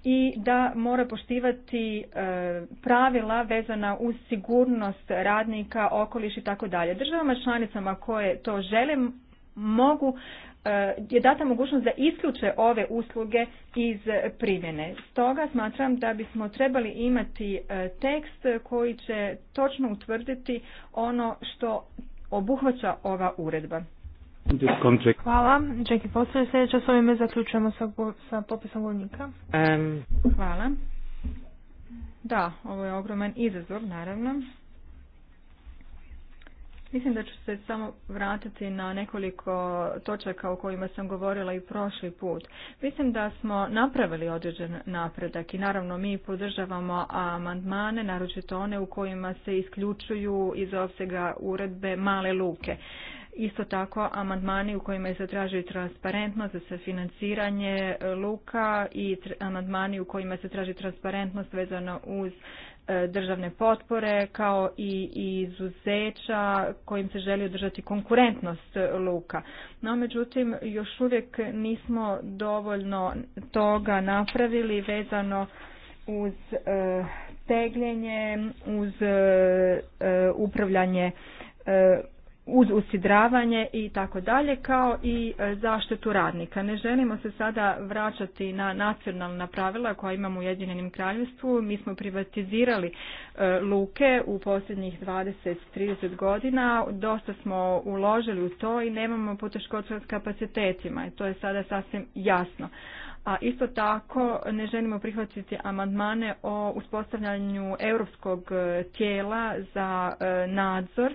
i da mora poštivati pravila vezana uz sigurnost radnika, okoliš i tako dalje. Državama članicama koje to žele mogu Eh, je data mogućnost da isključe ove usluge iz primjene. Stoga smatram da bismo trebali imati eh, tekst koji će točno utvrditi ono što obuhvaća ova uredba. Hvala. Čekaj, sljedeća s ovime zaključujemo sa, popisom govornika. Hvala. Da, ovo je ogroman izazov, naravno. Mislim da ću se samo vratiti na nekoliko točaka o kojima sam govorila i prošli put. Mislim da smo napravili određen napredak i naravno mi podržavamo amandmane, naročito one u kojima se isključuju iz opsega uredbe male luke. Isto tako amandmani u kojima se traži transparentnost za financiranje luka i amandmani u kojima se traži transparentnost vezano uz E, državne potpore kao i izuzeća kojim se želi održati konkurentnost luka. No, međutim, još uvijek nismo dovoljno toga napravili vezano uz e, tegljenje, uz e, upravljanje uz usidravanje i tako dalje, kao i e, zaštitu radnika. Ne želimo se sada vraćati na nacionalna pravila koja imamo u Jedinjenim kraljevstvu. Mi smo privatizirali e, luke u posljednjih 20-30 godina. Dosta smo uložili u to i nemamo poteškoća s kapacitetima i to je sada sasvim jasno. A isto tako ne želimo prihvatiti amandmane o uspostavljanju europskog e, tijela za nadzor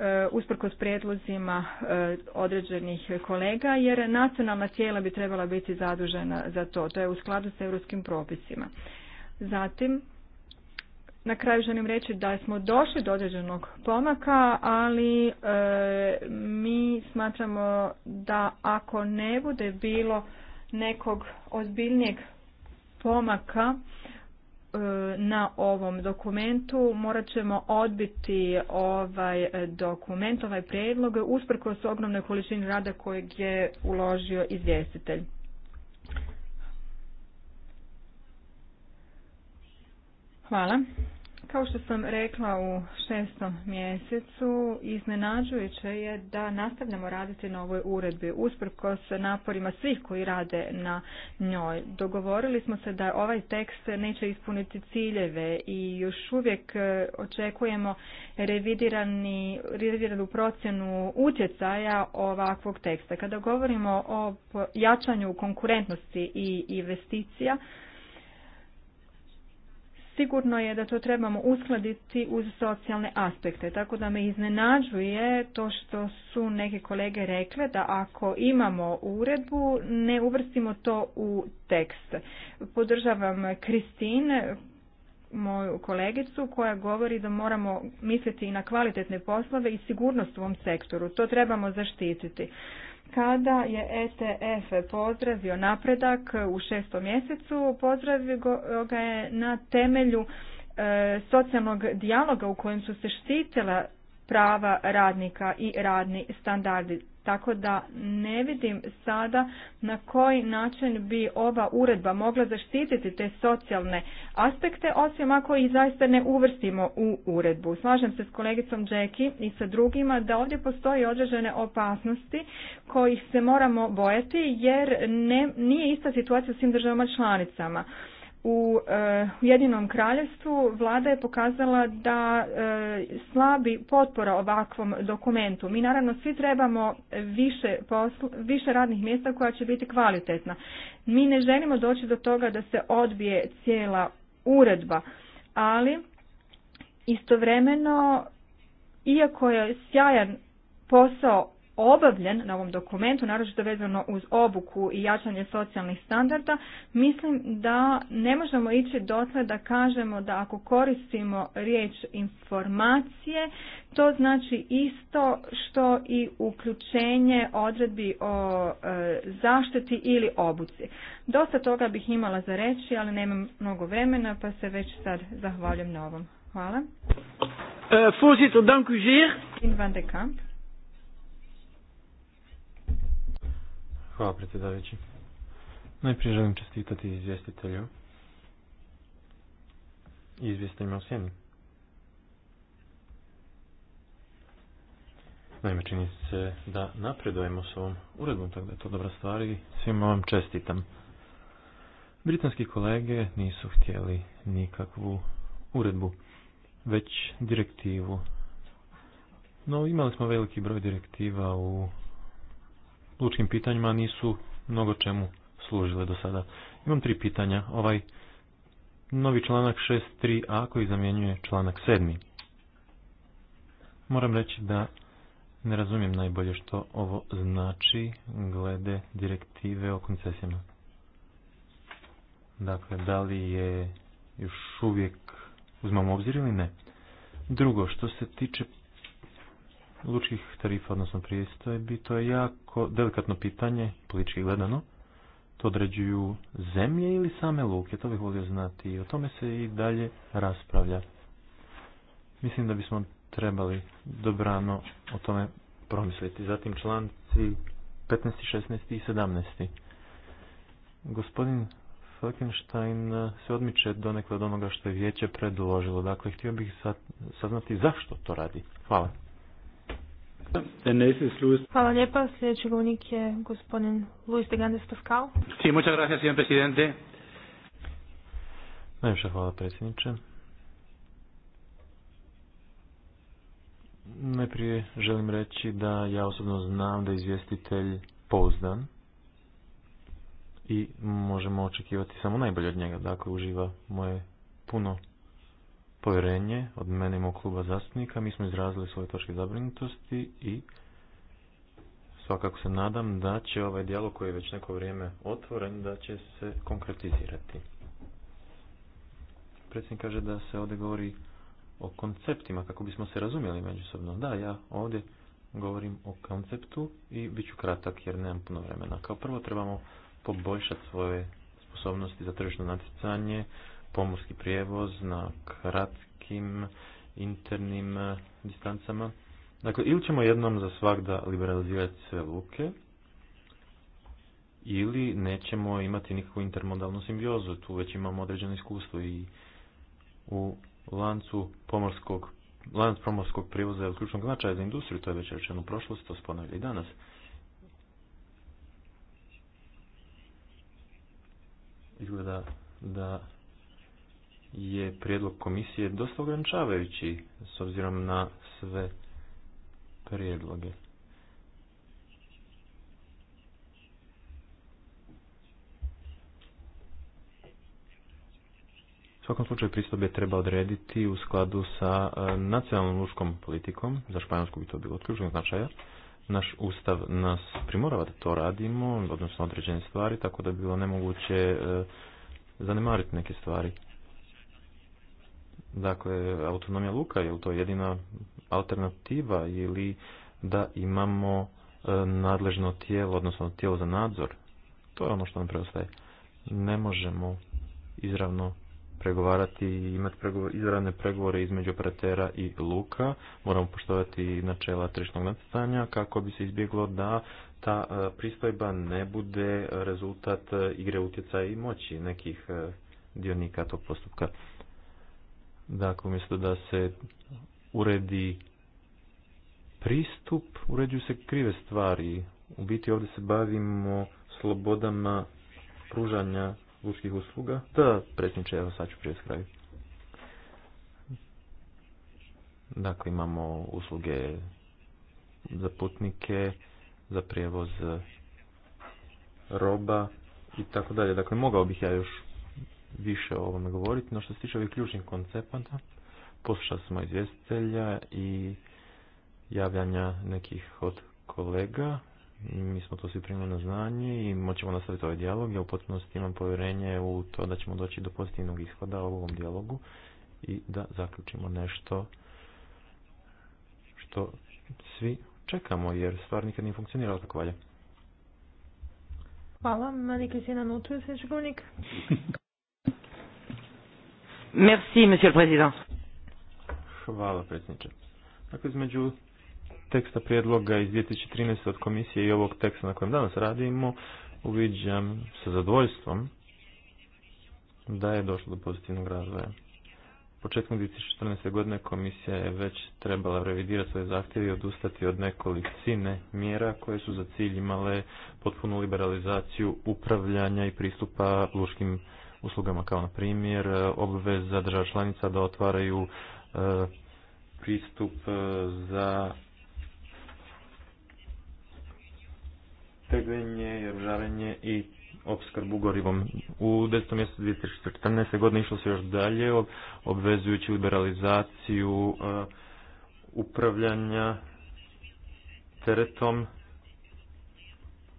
E, usprkos prijedlozima e, određenih kolega jer nacionalna tijela bi trebala biti zadužena za to. To je u skladu sa europskim propisima. Zatim, na kraju želim reći da smo došli do određenog pomaka, ali e, mi smatramo da ako ne bude bilo nekog ozbiljnijeg pomaka E, na ovom dokumentu. Morat ćemo odbiti ovaj e, dokument, ovaj prijedlog, usprkos ogromnoj količini rada kojeg je uložio izvjestitelj. Hvala. Kao što sam rekla u šestom mjesecu, iznenađujuće je da nastavljamo raditi na ovoj uredbi usprkos naporima svih koji rade na njoj. Dogovorili smo se da ovaj tekst neće ispuniti ciljeve i još uvijek e, očekujemo revidirani, revidiranu procjenu utjecaja ovakvog teksta. Kada govorimo o jačanju konkurentnosti i investicija, Sigurno je da to trebamo uskladiti uz socijalne aspekte, tako da me iznenađuje to što su neke kolege rekle da ako imamo uredbu ne uvrstimo to u tekst. Podržavam Kristin, moju kolegicu koja govori da moramo misliti i na kvalitetne poslove i sigurnost u ovom sektoru. To trebamo zaštititi. Kada je ETF pozdravio napredak u šestom mjesecu, pozdravio ga je na temelju e, socijalnog dijaloga u kojem su se štitila prava radnika i radni standardi. Tako da ne vidim sada na koji način bi ova uredba mogla zaštititi te socijalne aspekte, osim ako ih zaista ne uvrstimo u uredbu. Slažem se s kolegicom Džeki i sa drugima da ovdje postoji određene opasnosti kojih se moramo bojati jer ne, nije ista situacija u svim državama članicama u e, Ujedinom kraljevstvu vlada je pokazala da e, slabi potpora ovakvom dokumentu. Mi naravno svi trebamo više, više radnih mjesta koja će biti kvalitetna. Mi ne želimo doći do toga da se odbije cijela uredba, ali istovremeno iako je sjajan posao obavljen na ovom dokumentu, naročito vezano uz obuku i jačanje socijalnih standarda, mislim da ne možemo ići dotle da kažemo da ako koristimo riječ informacije, to znači isto što i uključenje odredbi o e, zaštiti ili obuci. Dosta toga bih imala za reći, ali nemam mnogo vremena, pa se već sad zahvaljujem na ovom. Hvala. Eh, voorzitter, dank u zeer. In van de Kamp. Hvala predsjedavajući. Najprije želim čestitati izvjestitelju i izvjestiteljima u sjeni. Naime, čini se da napredujemo s ovom uredbom, tako da je to dobra stvar i svima vam čestitam. Britanski kolege nisu htjeli nikakvu uredbu, već direktivu. No, imali smo veliki broj direktiva u lučkim pitanjima nisu mnogo čemu služile do sada. Imam tri pitanja. Ovaj novi članak 6.3a koji zamjenjuje članak 7. Moram reći da ne razumijem najbolje što ovo znači glede direktive o koncesijama. Dakle, da li je još uvijek uzmamo obzir ili ne? Drugo, što se tiče lučkih tarifa, odnosno pristojbi, to je jako delikatno pitanje, politički gledano. To određuju zemlje ili same luke, to bih volio znati i o tome se i dalje raspravlja. Mislim da bismo trebali dobrano o tome promisliti. Zatim članci 15, 16 i 17. Gospodin Falkenstein se odmiče donekle od onoga što je vijeće predložilo. Dakle, htio bih saznati zašto to radi. Hvala. Hvala lijepa. Sljedeći govornik je gospodin Luis de Gandes Pascal. Sí, muchas gracias, señor presidente. Najviše hvala predsjedniče. Najprije želim reći da ja osobno znam da je izvjestitelj pouzdan i možemo očekivati samo najbolje od njega, dakle uživa moje puno povjerenje od mene i mog kluba zastupnika. Mi smo izrazili svoje točke zabrinutosti i svakako se nadam da će ovaj dijalog koji je već neko vrijeme otvoren, da će se konkretizirati. Predsjednik kaže da se ovdje govori o konceptima kako bismo se razumjeli međusobno. Da, ja ovdje govorim o konceptu i bit ću kratak jer nemam puno vremena. Kao prvo trebamo poboljšati svoje sposobnosti za tržišno natjecanje, pomorski prijevoz na kratkim internim e, distancama. Dakle, ili ćemo jednom za da liberalizirati sve luke, ili nećemo imati nikakvu intermodalnu simbiozu. Tu već imamo određeno iskustvo i u lancu pomorskog lanac pomorskog prijevoza je od ključnog značaja za industriju, to je već rečeno u prošlosti, to se i danas. Izgleda da je prijedlog komisije dosta ograničavajući s obzirom na sve prijedloge. U svakom slučaju je treba odrediti u skladu sa e, nacionalnom lučkom politikom, za Španjolsku bi to bilo od ključnog značaja. Naš ustav nas primorava da to radimo, odnosno određene stvari, tako da bi bilo nemoguće e, zanemariti neke stvari. Dakle, autonomija luka je li to jedina alternativa ili da imamo e, nadležno tijelo, odnosno tijelo za nadzor. To je ono što nam preostaje. Ne možemo izravno pregovarati i imati izravne pregovore između operatera i luka. Moramo poštovati načela tržišnog natjecanja kako bi se izbjeglo da ta e, pristojba ne bude rezultat e, igre utjecaja i moći nekih dionika tog postupka. Dakle, umjesto da se uredi pristup, uređuju se krive stvari. U biti ovdje se bavimo slobodama pružanja lučkih usluga. Da, predsjedniče, evo sad ću prije skraju. Dakle, imamo usluge za putnike, za prijevoz roba i tako dalje. Dakle, mogao bih ja još više o ovome govoriti, no što se tiče ovih ključnih koncepata, poslušao smo izvjestitelja i javljanja nekih od kolega. Mi smo to svi primili na znanje i moćemo nastaviti ovaj dijalog. Ja u potpunosti imam povjerenje u to da ćemo doći do pozitivnog ishoda u ovom dijalogu i da zaključimo nešto što svi čekamo jer stvar nikad nije funkcionirala tako valja. Hvala, Marika Sina Nutu, sveći Merci, Hvala, predsjedniče. Dakle, između teksta prijedloga iz 2013. od komisije i ovog teksta na kojem danas radimo, uviđam sa zadovoljstvom da je došlo do pozitivnog razvoja. Početkom 2014. godine komisija je već trebala revidirati svoje zahtjeve i odustati od nekolicine mjera koje su za cilj imale potpunu liberalizaciju upravljanja i pristupa luškim uslugama kao na primjer e, obveza država članica da otvaraju e, pristup e, za tegljenje, žarenje i opskrbu gorivom. U 10. mjestu 2014. godine išlo se još dalje, obvezujući liberalizaciju upravljanja teretom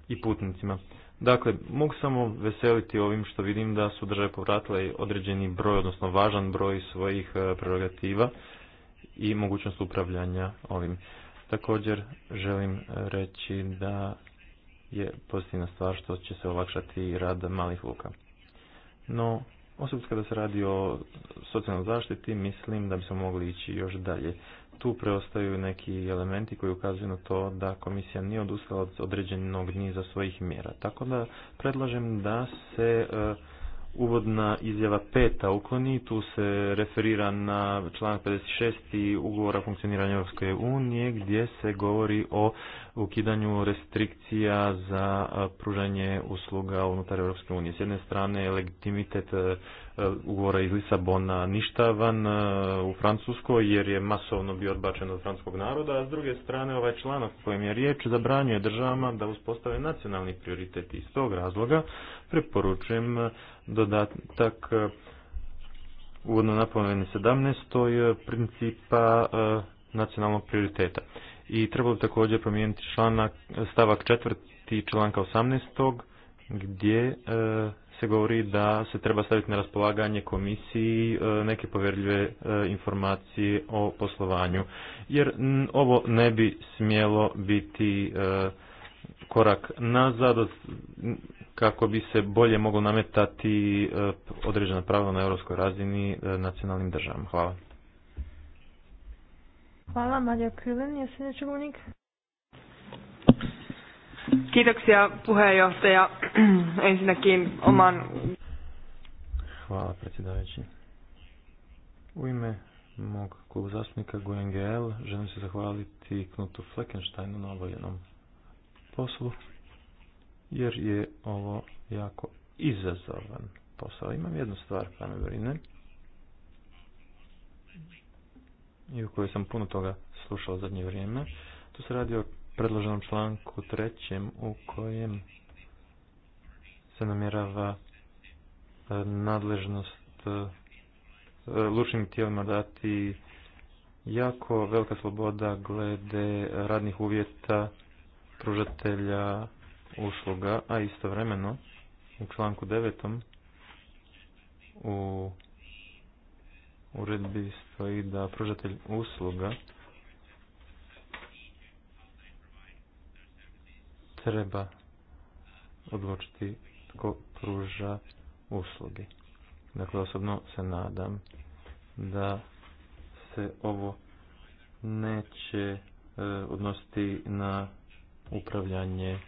i putnicima. Dakle, mogu samo veseliti ovim što vidim da su države povratile određeni broj, odnosno važan broj svojih e, prerogativa i mogućnost upravljanja ovim. Također želim reći da je pozitivna stvar što će se olakšati rad malih luka. No, osobno kada se radi o socijalnoj zaštiti, mislim da bismo mogli ići još dalje tu preostaju neki elementi koji ukazuju na to da komisija nije odustala od određenog niza svojih mjera. Tako da predlažem da se e, uvodna izjava peta ukloni, tu se referira na članak 56. ugovora o funkcioniranju Europske unije gdje se govori o ukidanju restrikcija za pružanje usluga unutar Europske unije. S jedne strane legitimitet ugovora iz Lisabona ništavan u Francuskoj jer je masovno bio odbačen od francuskog naroda, a s druge strane ovaj članak kojem je riječ zabranjuje državama da uspostave nacionalni prioritet iz tog razloga preporučujem dodatak e, uvodno napomeni 17. principa e, nacionalnog prioriteta. I treba bi također promijeniti članak, stavak četvrti članka 18. gdje e, se govori da se treba staviti na raspolaganje komisiji neke povjerljive informacije o poslovanju. Jer ovo ne bi smjelo biti korak nazad kako bi se bolje moglo nametati e, određena pravila na europskoj razini e, nacionalnim državama. Hvala. Hvala, Marija Kylen je neče govornik. Kiitoksia puheenjohtaja. Ensinnäkin oman... Hvala predsjedavajući. U ime mog klubu zastupnika GNGL želim se zahvaliti Knutu Fleckensteinu na obavljenom poslu, jer je ovo jako izazovan posao. Imam jednu stvar, pa me brine, i u kojoj sam puno toga slušao zadnje vrijeme. Tu se radi o predloženom članku trećem u kojem se namjerava e, nadležnost e, lučnim tijelima dati jako velika sloboda glede radnih uvjeta pružatelja usluga, a istovremeno u članku 9. u uredbi stoji da pružatelj usluga treba odločiti tko pruža usluge. Dakle, osobno se nadam da se ovo neće e, odnositi na upravljanje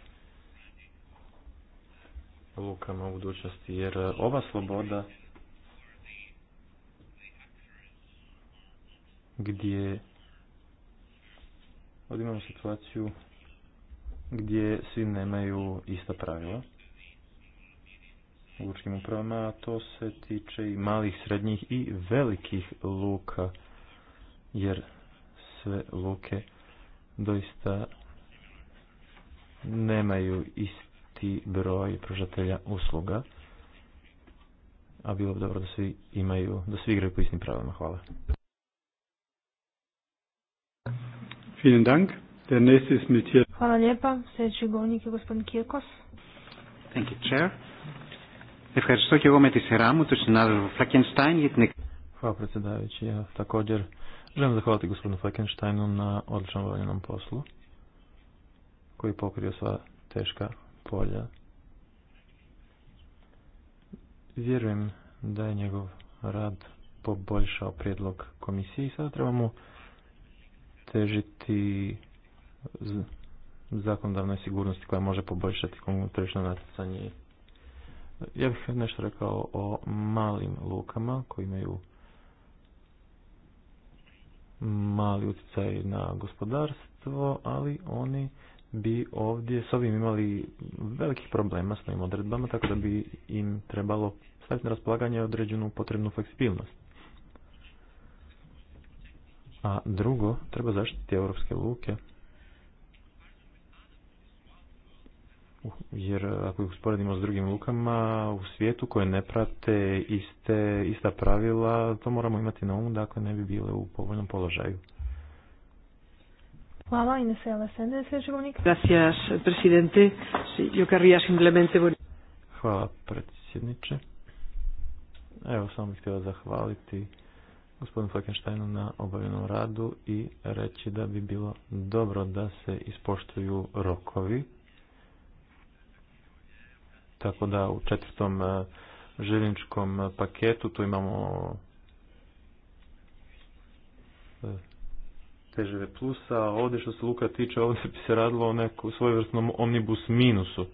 lukama u budućnosti, jer e, ova sloboda gdje ovdje imamo situaciju gdje svi nemaju ista pravila u lučkim upravama, a to se tiče i malih, srednjih i velikih luka, jer sve luke doista nemaju isti broj pružatelja usluga, a bilo bi dobro da svi imaju, da svi igraju po istim pravilima. Hvala. Vielen Dank. Der nächste ist mit hier. Hvala lijepa. Sljedeći govornik je gospodin Kirkos. Thank you, Chair. Ευχαριστώ και εγώ με τη σειρά μου, τον συνάδελφο Φλακενστάιν, για την Hvala predsjedavajući. Ja također želim zahvaliti gospodinu Fleckensteinu na odličnom voljenom poslu koji pokrio sva teška polja. Vjerujem da je njegov rad poboljšao prijedlog komisije i sada trebamo težiti zakonodavnoj sigurnosti koja može poboljšati tržišno natjecanje. Ja bih nešto rekao o malim lukama koji imaju mali utjecaj na gospodarstvo, ali oni bi ovdje s ovim imali velikih problema s ovim odredbama, tako da bi im trebalo staviti na raspolaganje određenu potrebnu fleksibilnost. A drugo, treba zaštititi europske luke. Jer ako ih usporedimo s drugim lukama u svijetu koje ne prate iste, ista pravila, to moramo imati na umu, dakle ne bi bile u povoljnom položaju. Hvala, Gracias, presidente. Yo simplemente... predsjedniče. Evo, samo bih htjela zahvaliti gospodinu Falkensteinu na obavljenom radu i reći da bi bilo dobro da se ispoštuju rokovi. Tako da u četvrtom e, željeničkom paketu tu imamo e, TGV plusa, a ovdje što se Luka tiče, ovdje bi se radilo o nekom svojevrsnom omnibus minusu.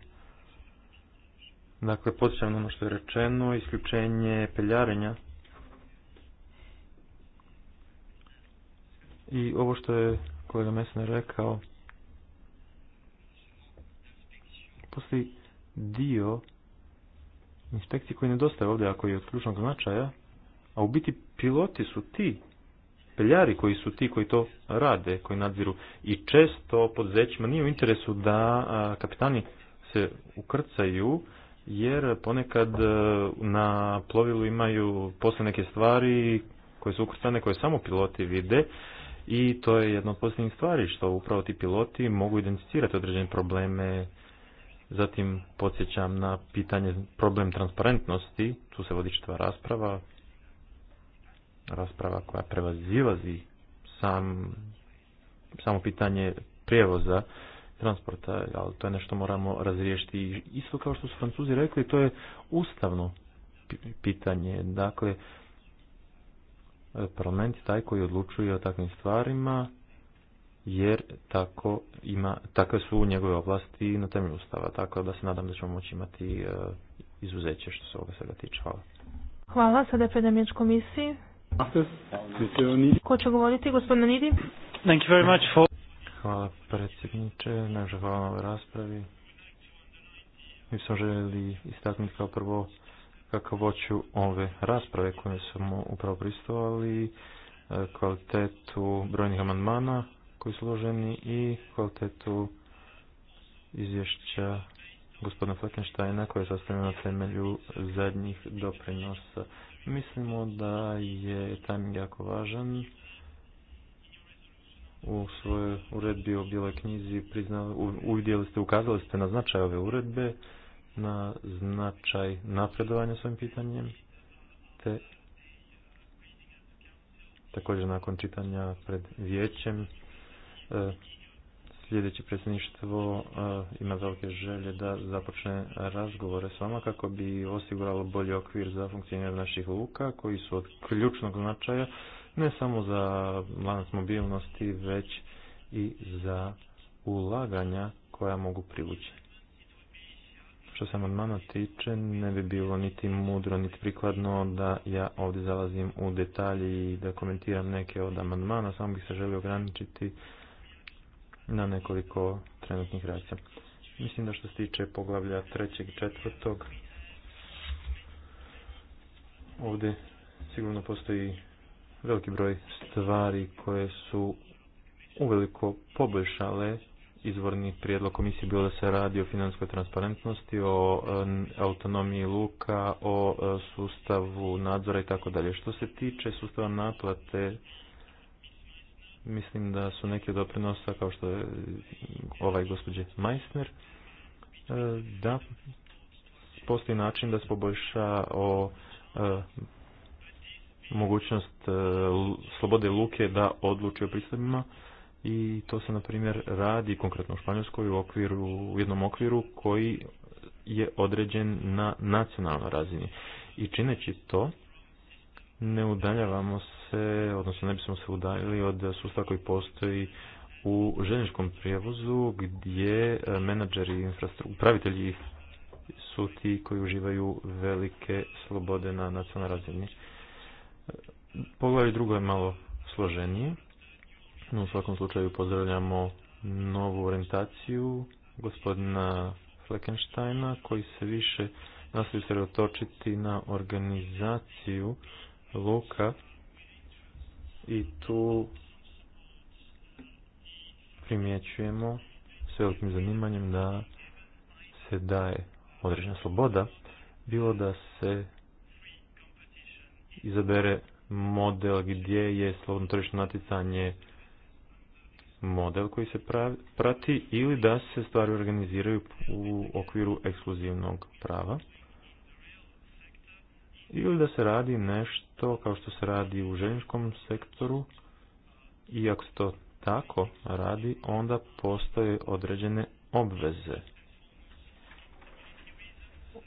Dakle, podsjećam na ono što je rečeno, isključenje peljarenja. I ovo što je kolega Mesner rekao, postoji dio inspekcije koji nedostaje ovdje ako je od ključnog značaja, a u biti piloti su ti peljari koji su ti koji to rade, koji nadziru. I često podzećima nije u interesu da kapitani se ukrcaju, jer ponekad e, na plovilu imaju posle neke stvari koje su ukrcane, koje samo piloti vide i to je jedna od posljednjih stvari što upravo ti piloti mogu identificirati određene probleme. Zatim podsjećam na pitanje problem transparentnosti, tu se vodi četva rasprava, rasprava koja prevazilazi sam, samo pitanje prijevoza transporta, ali to je nešto moramo razriješiti. Isto kao što su Francuzi rekli, to je ustavno pitanje. Dakle, parlament je taj koji odlučuje o takvim stvarima, jer tako ima, takve su njegove oblasti na temelju ustava. Tako da se nadam da ćemo moći imati e, izuzeće što se ovoga svega tiče. Hvala. Hvala, sada komisiji. Ko će govoriti, gospodine Nidi? Thank you very much for... Hvala predsjedniče, hvala na ovoj raspravi. Mi smo željeli istaknuti kao prvo voću ove rasprave koje smo upravo pristovali, e, kvalitetu brojnih amandmana koji su uloženi i kvalitetu izvješća gospodina Fleckensteina koje je sastavljeno na temelju zadnjih doprinosa. Mislimo da je timing jako važan. U svojoj uredbi o bijeloj knjizi uvidjeli ste, ukazali ste na značaj ove uredbe, na značaj napredovanja s ovim pitanjem, te također nakon čitanja pred vijećem e, sljedeće predsjedništvo e, ima velike želje da započne razgovore s vama kako bi osiguralo bolji okvir za funkcioniranje naših luka koji su od ključnog značaja ne samo za lanac mobilnosti već i za ulaganja koja mogu privući. Što se amandmana tiče, ne bi bilo niti mudro, niti prikladno da ja ovdje zalazim u detalji i da komentiram neke od amandmana, samo bih se želio ograničiti na nekoliko trenutnih reakcija. Mislim da što se tiče poglavlja trećeg i četvrtog, ovdje sigurno postoji veliki broj stvari koje su uveliko poboljšale izvorni prijedlog komisije bilo da se radi o finanskoj transparentnosti, o autonomiji luka, o sustavu nadzora i tako dalje. Što se tiče sustava naplate Mislim da su neke doprinosa, kao što je ovaj gospođe Meissner, e, da postoji način da se poboljša o e, mogućnost e, slobode luke da odluči o pristojbima i to se na primjer radi konkretno u Španjolskoj u, okviru, u jednom okviru koji je određen na nacionalnoj razini. I čineći to, ne udaljavamo se, odnosno ne bismo se udaljili od sustava koji postoji u željezničkom prijevozu gdje menadžeri, upravitelji su ti koji uživaju velike slobode na nacionalnoj razini. Poglavlje drugo je malo složenije. No, u svakom slučaju pozdravljamo novu orientaciju gospodina Fleckensteina koji se više nastoji se na organizaciju luka i tu primjećujemo s velikim zanimanjem da se daje određena sloboda, bilo da se izabere model gdje je slobodno tržišno natjecanje model koji se prati ili da se stvari organiziraju u okviru ekskluzivnog prava ili da se radi nešto kao što se radi u ženskom sektoru i ako se to tako radi, onda postoje određene obveze.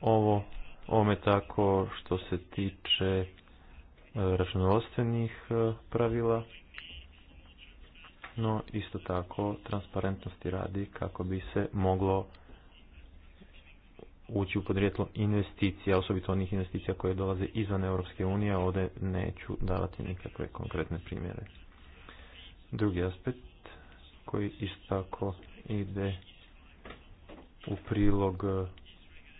Ovo, ovome tako što se tiče e, računovodstvenih e, pravila, no isto tako transparentnosti radi kako bi se moglo ući u podrijetlo investicija, osobito onih investicija koje dolaze izvan Europske unije, ovdje neću davati nikakve konkretne primjere. Drugi aspekt koji istako ide u prilog e,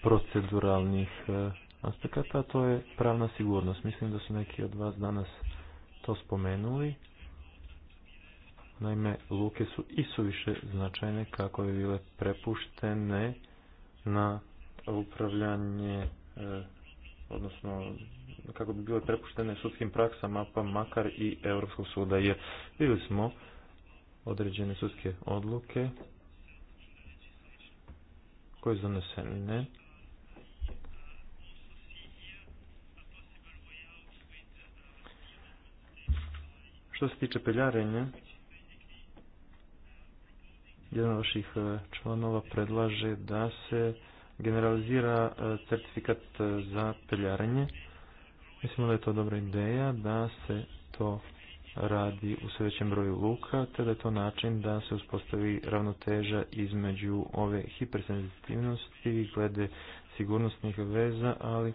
proceduralnih e, aspekata, to je pravna sigurnost. Mislim da su neki od vas danas to spomenuli. Naime, luke su i suviše značajne kako bi bile prepuštene na upravljanje, e, odnosno kako bi bilo prepuštene sudskim praksama, pa makar i Europskog suda, jer bili smo određene sudske odluke koje su donesene Što se tiče peljarenja, jedan od vaših e, članova predlaže da se generalizira e, certifikat e, za peljaranje. Mislimo da je to dobra ideja da se to radi u sve većem broju luka, te da je to način da se uspostavi ravnoteža između ove hipersenzitivnosti glede sigurnosnih veza, ali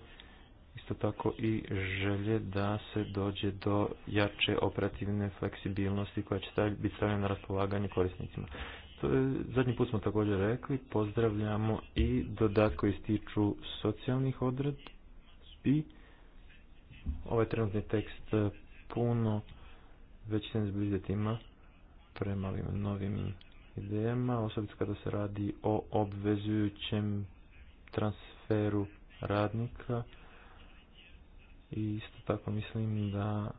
isto tako i želje da se dođe do jače operativne fleksibilnosti koja će biti stavljena na raspolaganje korisnicima zadnji put smo također rekli, pozdravljamo i dodatko ističu socijalnih odredbi. Ovaj trenutni tekst e, puno već se senzibilitet ima prema ovim novim idejama, osobito kada se radi o obvezujućem transferu radnika. I isto tako mislim da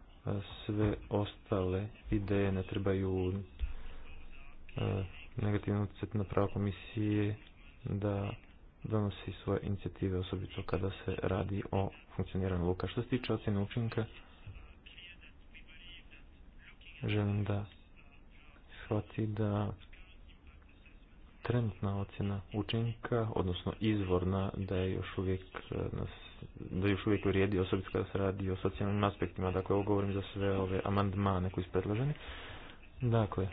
sve ostale ideje ne trebaju e, negativno cijeta na pravo komisije da donosi svoje inicijative, osobito kada se radi o funkcioniranju luka. Što se tiče ocjene učinka, želim da shvati da trenutna ocjena učinka, odnosno izvorna, da je još uvijek nas da još uvijek vrijedi osobito kada se radi o socijalnim aspektima. Dakle, ovo govorim za sve ove amandmane koji su predloženi. Dakle,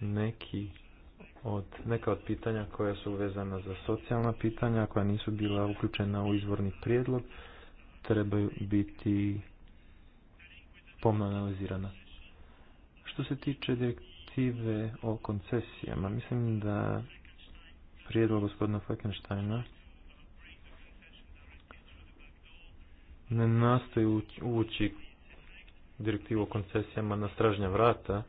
neki od, neka od pitanja koja su vezana za socijalna pitanja, koja nisu bila uključena u izvorni prijedlog, trebaju biti pomno analizirana. Što se tiče direktive o koncesijama, mislim da prijedlog gospodina Falkensteina ne nastoji ući direktivu o koncesijama na stražnja vrata,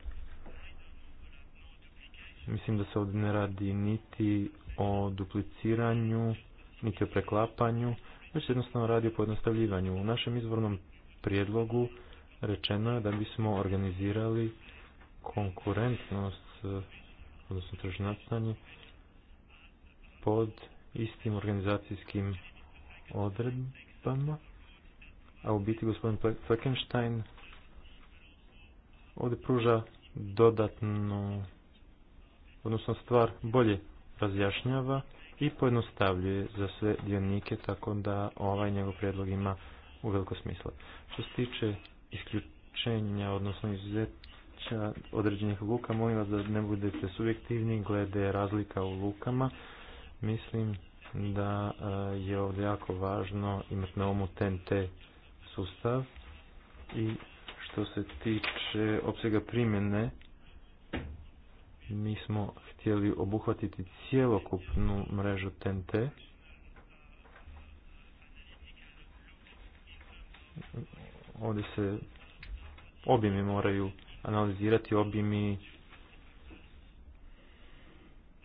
Mislim da se ovdje ne radi niti o dupliciranju, niti o preklapanju, već se jednostavno radi o pojednostavljivanju. U našem izvornom prijedlogu rečeno je da bismo organizirali konkurentnost, odnosno tržnacanje pod istim organizacijskim odredbama, a u biti gospodin Fleckenstein ovdje pruža dodatnu odnosno stvar bolje razjašnjava i pojednostavljuje za sve dionike, tako da ovaj njegov prijedlog ima u veliko smisla. Što se tiče isključenja, odnosno izuzeća određenih luka, molim vas da ne budete subjektivni glede razlika u lukama. Mislim da e, je ovdje jako važno imati na umu TNT sustav i što se tiče opsega primjene mi smo htjeli obuhvatiti cijelokupnu mrežu TNT. Ovdje se objemi moraju analizirati, objemi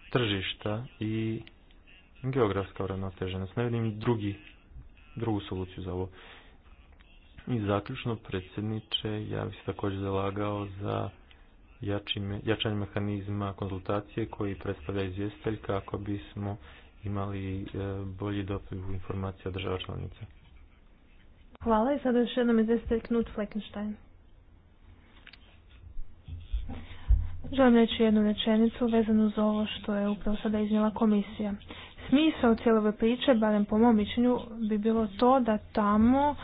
tržišta i geografska uravnoteženost. Ne vidim drugi, drugu soluciju za ovo. I zaključno, predsjedniče, ja bih se također zalagao za jačanje mehanizma konzultacije koji predstavlja izvjestitelj kako bismo imali e, bolji informaciju informacija država članice. Hvala i sada još jednom izvjestelj Knut Fleckenstein. Želim reći jednu rečenicu vezanu za ovo što je upravo sada iznijela komisija. Smisao cijele ove priče, barem po mom mišljenju, bi bilo to da tamo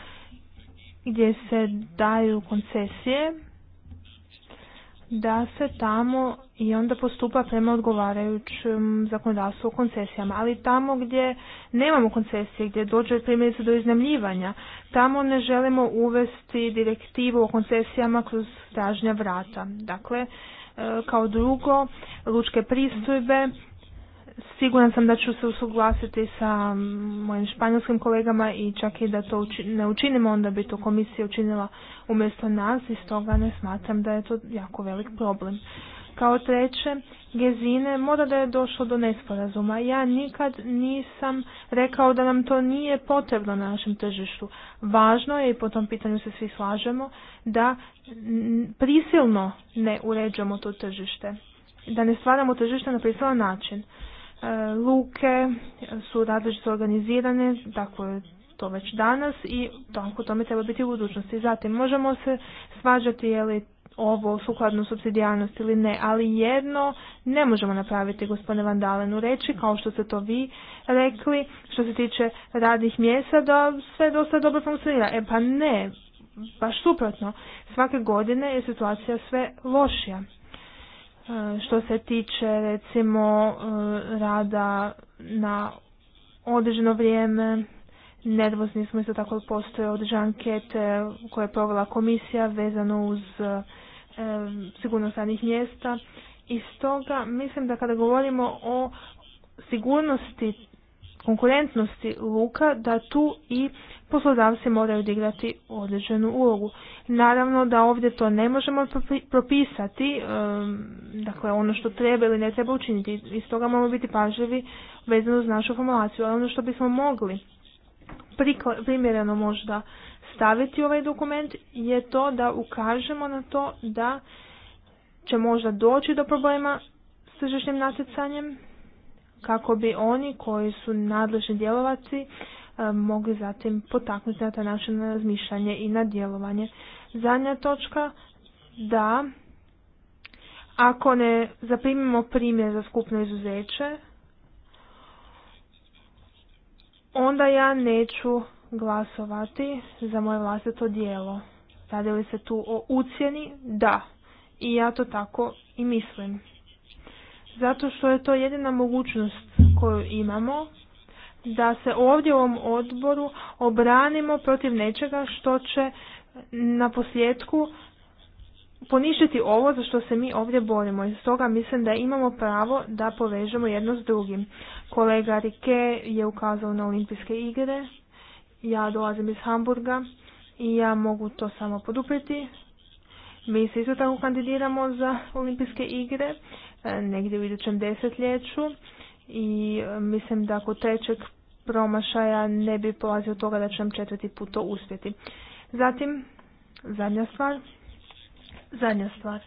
gdje se daju koncesije, da se tamo i onda postupa prema odgovarajućem zakonodavstvu o koncesijama. Ali tamo gdje nemamo koncesije, gdje dođe primjerice do iznajmljivanja, tamo ne želimo uvesti direktivu o koncesijama kroz stražnja vrata. Dakle, e, kao drugo, lučke pristojbe Siguran sam da ću se usuglasiti sa mojim španjolskim kolegama i čak i da to uči, ne učinimo, onda bi to komisija učinila umjesto nas i stoga ne smatram da je to jako velik problem. Kao treće, Gezine, mora da je došlo do nesporazuma. Ja nikad nisam rekao da nam to nije potrebno na našem tržištu. Važno je, i po tom pitanju se svi slažemo, da prisilno ne uređujemo to tržište. Da ne stvaramo tržište na prisilan način. E, luke su različito organizirane, tako je to već danas i tako tome treba biti u budućnosti. Zatim možemo se svađati je li ovo sukladno subsidijalnost ili ne, ali jedno ne možemo napraviti gospodine Vandalenu reći, kao što ste to vi rekli, što se tiče radnih mjesta, da sve dosta dobro funkcionira. E pa ne, baš suprotno, svake godine je situacija sve lošija što se tiče recimo e, rada na određeno vrijeme. Nervozni smo isto tako postoje određene ankete koje je provela komisija vezano uz e, sigurnost radnih mjesta. I stoga mislim da kada govorimo o sigurnosti konkurentnosti luka da tu i poslodavci moraju odigrati određenu ulogu. Naravno da ovdje to ne možemo propisati, um, dakle ono što treba ili ne treba učiniti, iz toga moramo biti pažljivi vezano uz našu formulaciju, ali ono što bismo mogli primjereno možda staviti ovaj dokument je to da ukažemo na to da će možda doći do problema s tržišnim natjecanjem, kako bi oni koji su nadležni djelovaci e, mogli zatim potaknuti na taj način na razmišljanje i na djelovanje. Zadnja točka, da ako ne zaprimimo primjer za skupno izuzeće, onda ja neću glasovati za moje vlastito dijelo. Radi li se tu o ucjeni? Da. I ja to tako i mislim zato što je to jedina mogućnost koju imamo da se ovdje u ovom odboru obranimo protiv nečega što će na posljedku poništiti ovo za što se mi ovdje borimo. I stoga mislim da imamo pravo da povežemo jedno s drugim. Kolega Rike je ukazao na olimpijske igre, ja dolazim iz Hamburga i ja mogu to samo poduprijeti. Mi se isto tako kandidiramo za olimpijske igre E, negdje u idućem desetljeću i e, mislim da kod trećeg promašaja ne bi polazio toga da će nam četvrti put to uspjeti. Zatim, zadnja stvar, zadnja stvar.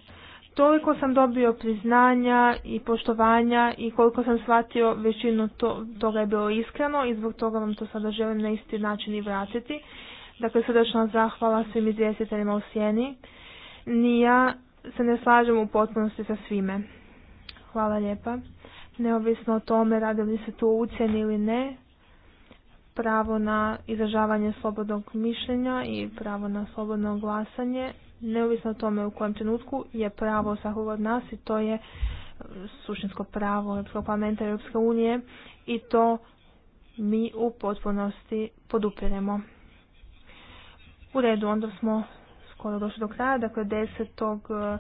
Toliko sam dobio priznanja i poštovanja i koliko sam shvatio većinu to, toga je bilo iskreno i zbog toga vam to sada želim na isti način i vratiti. Dakle, srdačna zahvala svim izvjestiteljima u sjeni. Nija se ne slažem u potpunosti sa svime. Hvala lijepa. Neovisno o tome radi li se tu ucjeni ili ne, pravo na izražavanje slobodnog mišljenja i pravo na slobodno glasanje, neovisno o tome u kojem trenutku, je pravo svakog od nas i to je mm, suštinsko pravo Europskog parlamenta Europske unije i to mi u potpunosti podupiremo. U redu, onda smo skoro došli do kraja, dakle 10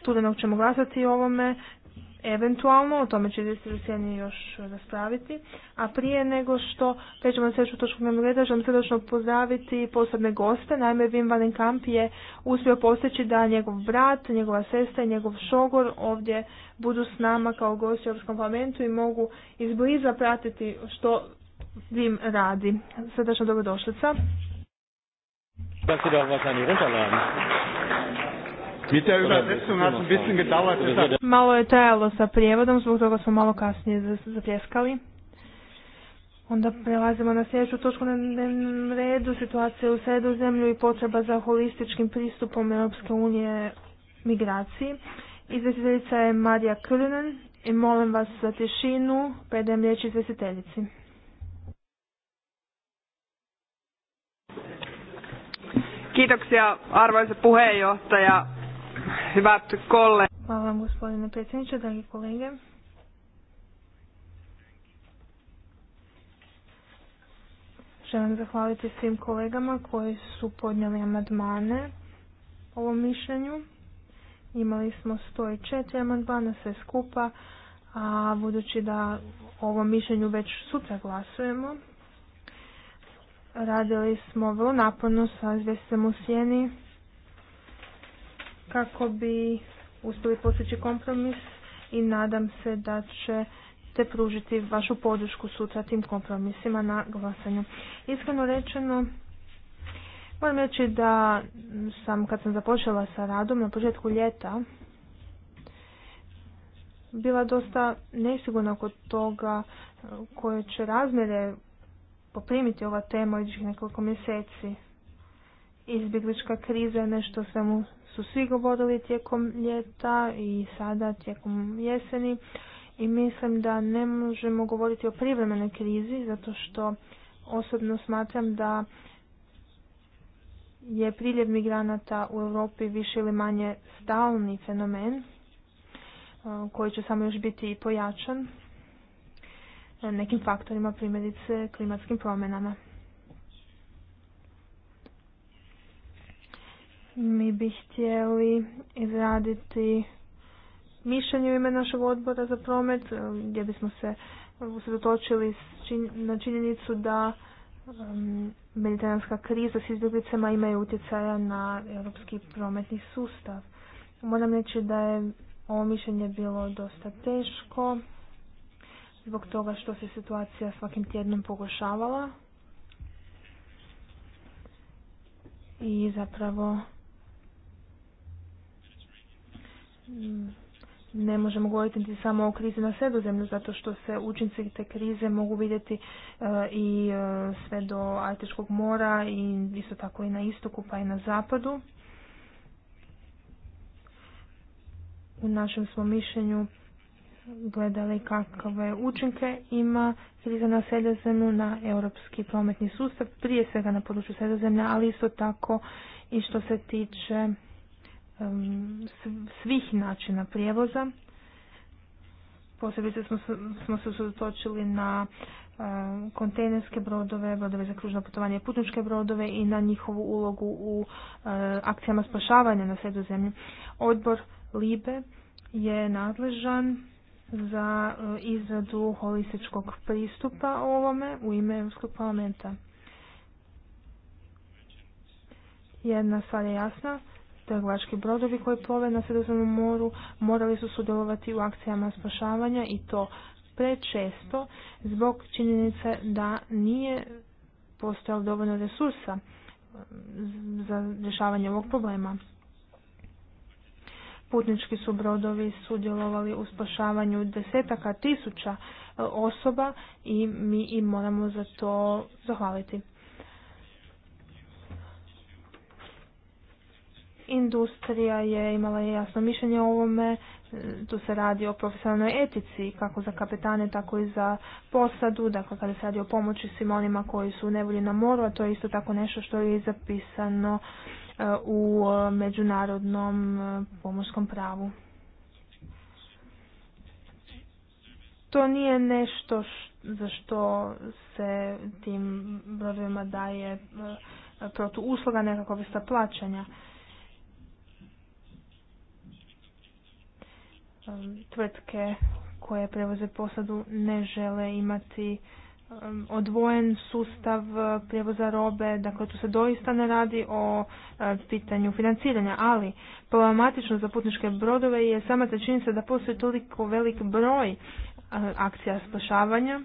studenog ćemo glasati o ovome, eventualno, o tome će izvjestitelj još raspraviti. A prije nego što pređemo na sljedeću točku dnevnog reda, želim srdečno pozdraviti posebne goste. Naime, Wim Van je uspio postići da njegov brat, njegova sesta i njegov šogor ovdje budu s nama kao gosti u Europskom parlamentu i mogu izbliza pratiti što Wim radi. Srdečno dobrodošlica. Malo je trajalo sa prijevodom, zbog toga smo malo kasnije zapljeskali. Onda prelazimo na sljedeću točku na redu, situacija u sredozemlju i potreba za holističkim pristupom Europske unije migraciji. Izvjestiteljica je Marija Krnen i molim vas za tišinu, predajem riječ izvjestiteljici. Kiitoksia arvoisa puheenjohtaja. Hvala vam gospodine predsjedniče, dragi kolege. Želim zahvaliti svim kolegama koji su podnijeli amandmane ovom mišljenju. Imali smo 104 amandmana sve skupa, a budući da ovom mišljenju već sutra glasujemo, radili smo vrlo naporno sa izvjestvom u sjeni kako bi uspjeli postići kompromis i nadam se da će te pružiti vašu podršku sutra tim kompromisima na glasanju. Iskreno rečeno, moram reći da sam kad sam započela sa radom na početku ljeta bila dosta nesigurna kod toga eh, koje će razmjere poprimiti ova tema u nekoliko mjeseci. Izbjeglička kriza je nešto svemu su svi govorili tijekom ljeta i sada tijekom jeseni i mislim da ne možemo govoriti o privremenoj krizi zato što osobno smatram da je priljev migranata u Europi više ili manje stalni fenomen koji će samo još biti pojačan nekim faktorima, primjerice klimatskim promjenama. Mi bi htjeli izraditi mišljenje u ime našeg odbora za promet, eh, gdje bismo se usredotočili na činjenicu da mediteranska kriza s izbjeglicama imaju utjecaja na europski prometni sustav. Moram reći da je ovo mišljenje bilo dosta teško zbog toga što se situacija svakim tjednom pogošavala i zapravo Mm, ne možemo govoriti samo o krizi na sredozemlju, zato što se učinci te krize mogu vidjeti eh, i eh, sve do Artičkog mora i isto tako i na istoku pa i na zapadu. U našem smo mišljenju gledali kakve učinke ima kriza na sredozemlju na europski prometni sustav, prije svega na području sredozemlja, ali isto tako i što se tiče svih načina prijevoza. Posebice smo, smo se usredotočili na e, kontejnerske brodove, brodove za kružno putovanje, putničke brodove i na njihovu ulogu u e, akcijama spašavanja na sredozemlju. Odbor LIBE je nadležan za e, izradu holističkog pristupa ovome u ime Europskog parlamenta. Jedna stvar je jasna, Trgovački brodovi koji plove na Sredozemnom moru morali su sudjelovati u akcijama spašavanja i to prečesto zbog činjenice da nije postojalo dovoljno resursa za rješavanje ovog problema. Putnički su brodovi sudjelovali u spašavanju desetaka tisuća e, osoba i mi im moramo za to zahvaliti. Industrija je imala jasno mišljenje o ovome, tu se radi o profesionalnoj etici kako za kapetane tako i za posadu, dakle kada se radi o pomoći svim onima koji su u nevolji na moru, a to je isto tako nešto što je zapisano uh, u uh, međunarodnom uh, pomorskom pravu. To nije nešto za što se tim brodovima daje protuusluga, nekakva vrsta plaćanja. Um, tvrtke koje prevoze posadu ne žele imati um, odvojen sustav uh, prijevoza robe, dakle tu se doista ne radi o uh, pitanju financiranja, ali problematično za putničke brodove je sama ta činjenica da postoji toliko velik broj uh, akcija spašavanja,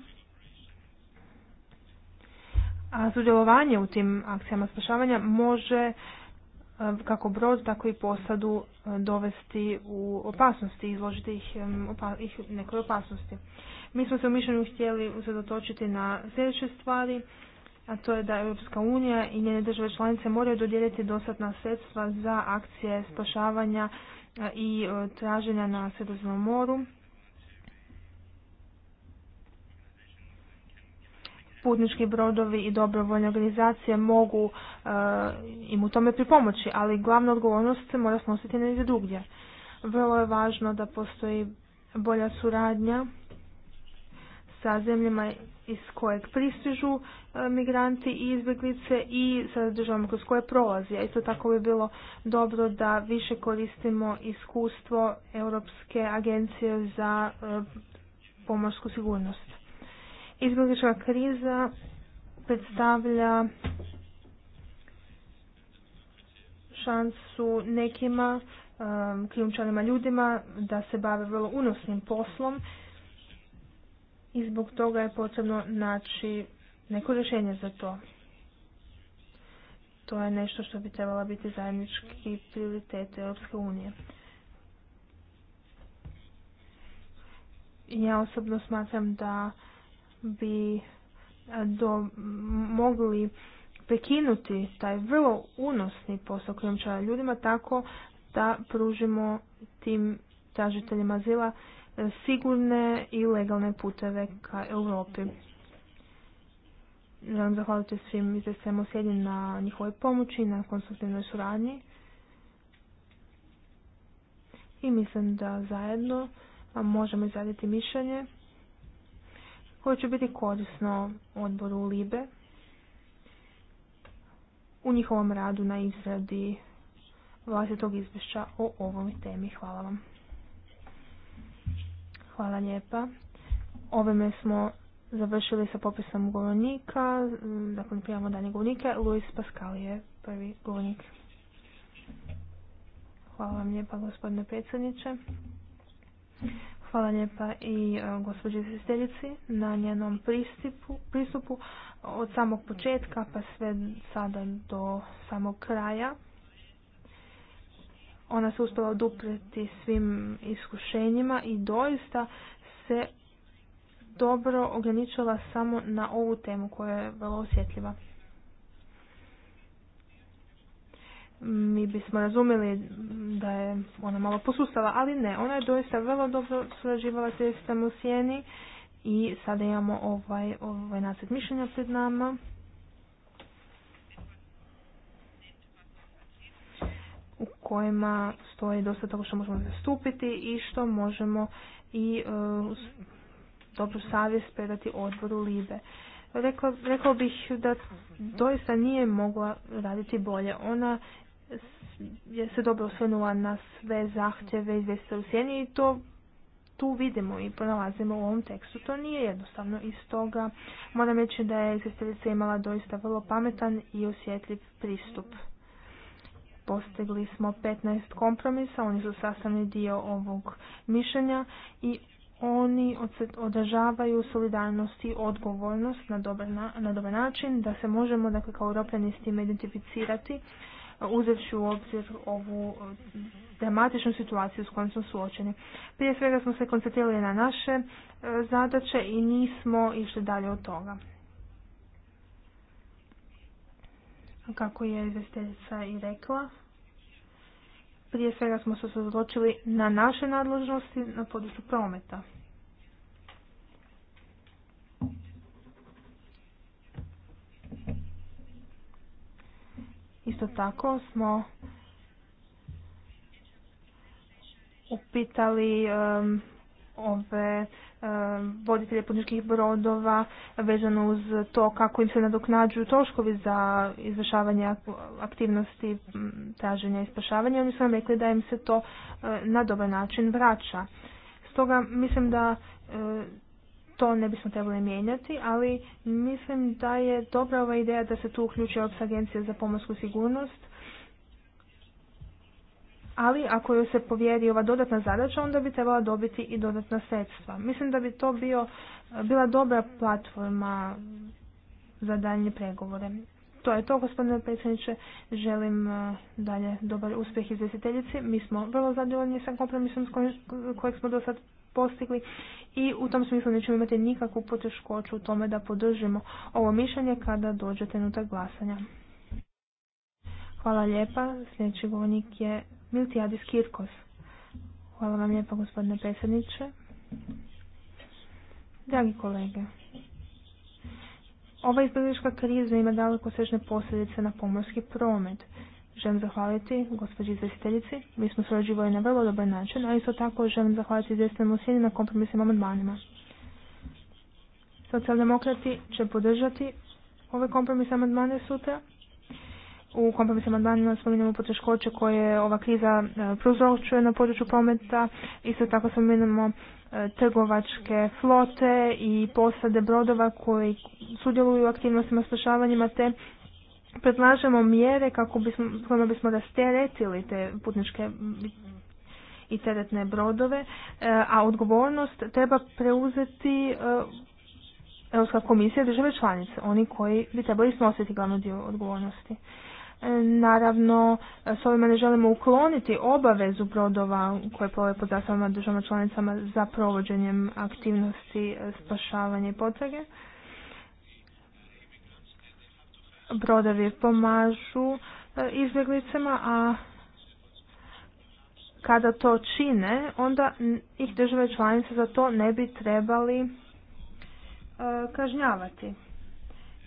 a sudjelovanje u tim akcijama spašavanja može kako brod, tako i posadu e, dovesti u opasnosti, izložiti ih, opa, ih nekoj opasnosti. Mi smo se u mišljenju htjeli usredotočiti na sljedeće stvari, a to je da Europska unija i njene države članice moraju dodijeliti dostatna sredstva za akcije spašavanja e, i e, traženja na Sredozemnom moru, putnički brodovi i dobrovoljne organizacije mogu e, im u tome pripomoći, ali glavna odgovornost se mora snositi negdje drugdje. Vrlo je važno da postoji bolja suradnja sa zemljama iz kojeg pristižu e, migranti i izbjeglice i sa državama kroz koje prolazi. A isto tako bi bilo dobro da više koristimo iskustvo Europske agencije za e, pomorsku sigurnost. Izbjeglička kriza predstavlja šansu nekima um, krijumčarima ljudima da se bave vrlo unosnim poslom i zbog toga je potrebno naći neko rješenje za to. To je nešto što bi trebalo biti zajednički prioritet Europske unije. Ja osobno smatram da bi eh, do, mogli prekinuti taj vrlo unosni posao krijumčara ljudima tako da pružimo tim tražiteljima zila eh, sigurne i legalne puteve ka Europi. Želim zahvaliti svim izvjestajem sjedin na njihovoj pomoći i na konstruktivnoj suradnji. I mislim da zajedno možemo izraditi mišljenje koje će biti korisno odboru Libe u njihovom radu na izradi vlastitog izvješća o ovoj temi. Hvala vam. Hvala lijepa. Ovime smo završili sa popisom govornika. Dakle, prijavamo danje govornike. Luis Pascal je prvi govornik. Hvala vam lijepa, gospodine predsjedniče. Hvala lijepa i e, gospođi izvjestiteljici na njenom pristupu, pristupu od samog početka pa sve sada do samog kraja. Ona se uspjela odupreti svim iskušenjima i doista se dobro ograničila samo na ovu temu koja je vrlo osjetljiva. mi bismo razumjeli da je ona malo posustala, ali ne, ona je doista vrlo dobro surađivala s u Sjeni i sada imamo ovaj, ovaj nacrt mišljenja pred nama. u kojima stoji dosta toga što možemo zastupiti i što možemo i e, dobru savjest predati odboru Libe. Rekla, rekao bih da doista nije mogla raditi bolje. Ona je se dobro osvrnula na sve zahtjeve izvjestitelja u sjeni i to tu vidimo i pronalazimo u ovom tekstu. To nije jednostavno iz toga. Moram reći da je izvjestiteljica imala doista vrlo pametan i osjetljiv pristup. Postigli smo 15 kompromisa, oni su sastavni dio ovog mišljenja i oni održavaju solidarnost i odgovornost na dobar, na, dobar način, da se možemo dakle, kao europljani s tim identificirati uzevši u obzir ovu e, dramatičnu situaciju s kojom smo suočeni. Prije svega smo se koncentrirali na naše e, zadaće i nismo išli dalje od toga. Kako je izvesteljica i rekla, prije svega smo se odločili na naše nadležnosti na području prometa. Isto tako smo upitali ove voditelje putničkih brodova vezano uz to kako im se nadoknađuju troškovi za izvršavanje aktivnosti traženja i spašavanja. Oni su nam rekli da im se to e, na dobar način vraća. Stoga mislim da e, to ne bismo trebali mijenjati, ali mislim da je dobra ova ideja da se tu uključi Europska agencija za pomorsku sigurnost. Ali ako joj se povjeri ova dodatna zadaća, onda bi trebala dobiti i dodatna sredstva. Mislim da bi to bio, bila dobra platforma za daljnje pregovore. To je to, gospodine predsjedniče. Želim e, dalje dobar uspjeh izvjestiteljici. Mi smo vrlo zadovoljni sa kompromisom kojeg smo do sad postigli i u tom smislu nećemo imati nikakvu poteškoću u tome da podržimo ovo mišljenje kada dođe trenutak glasanja. Hvala lijepa. Sljedeći govornik je Miltijadis Kirkos. Hvala vam lijepa gospodine predsjedniče. Dragi kolege, ova izbjeglička kriza ima daleko sežne posljedice na pomorski promet želim zahvaliti gospođi izvjestiteljici. Mi smo surađivali na vrlo dobar način, a isto tako želim zahvaliti izvjestiteljima u sjeni na kompromisnim amandmanima. Socijaldemokrati će podržati ove kompromisne amandmane sutra. U kompromisnim amandmanima spominjamo poteškoće koje ova kriza e, prouzročuje na području prometa. Isto tako spominjamo e, trgovačke flote i posade brodova koji sudjeluju u aktivnostima spašavanjima te predlažemo mjere kako bismo, kako bismo rasteretili te putničke i teretne brodove, e, a odgovornost treba preuzeti e, Europska komisija države članice, oni koji bi trebali snositi glavnu dio odgovornosti. E, naravno, s ovima ne želimo ukloniti obavezu brodova koje plove pod zastavama državama članicama za provođenjem aktivnosti spašavanja i potrage brodovi pomažu e, izbjeglicama, a kada to čine, onda ih države članice za to ne bi trebali e, kažnjavati.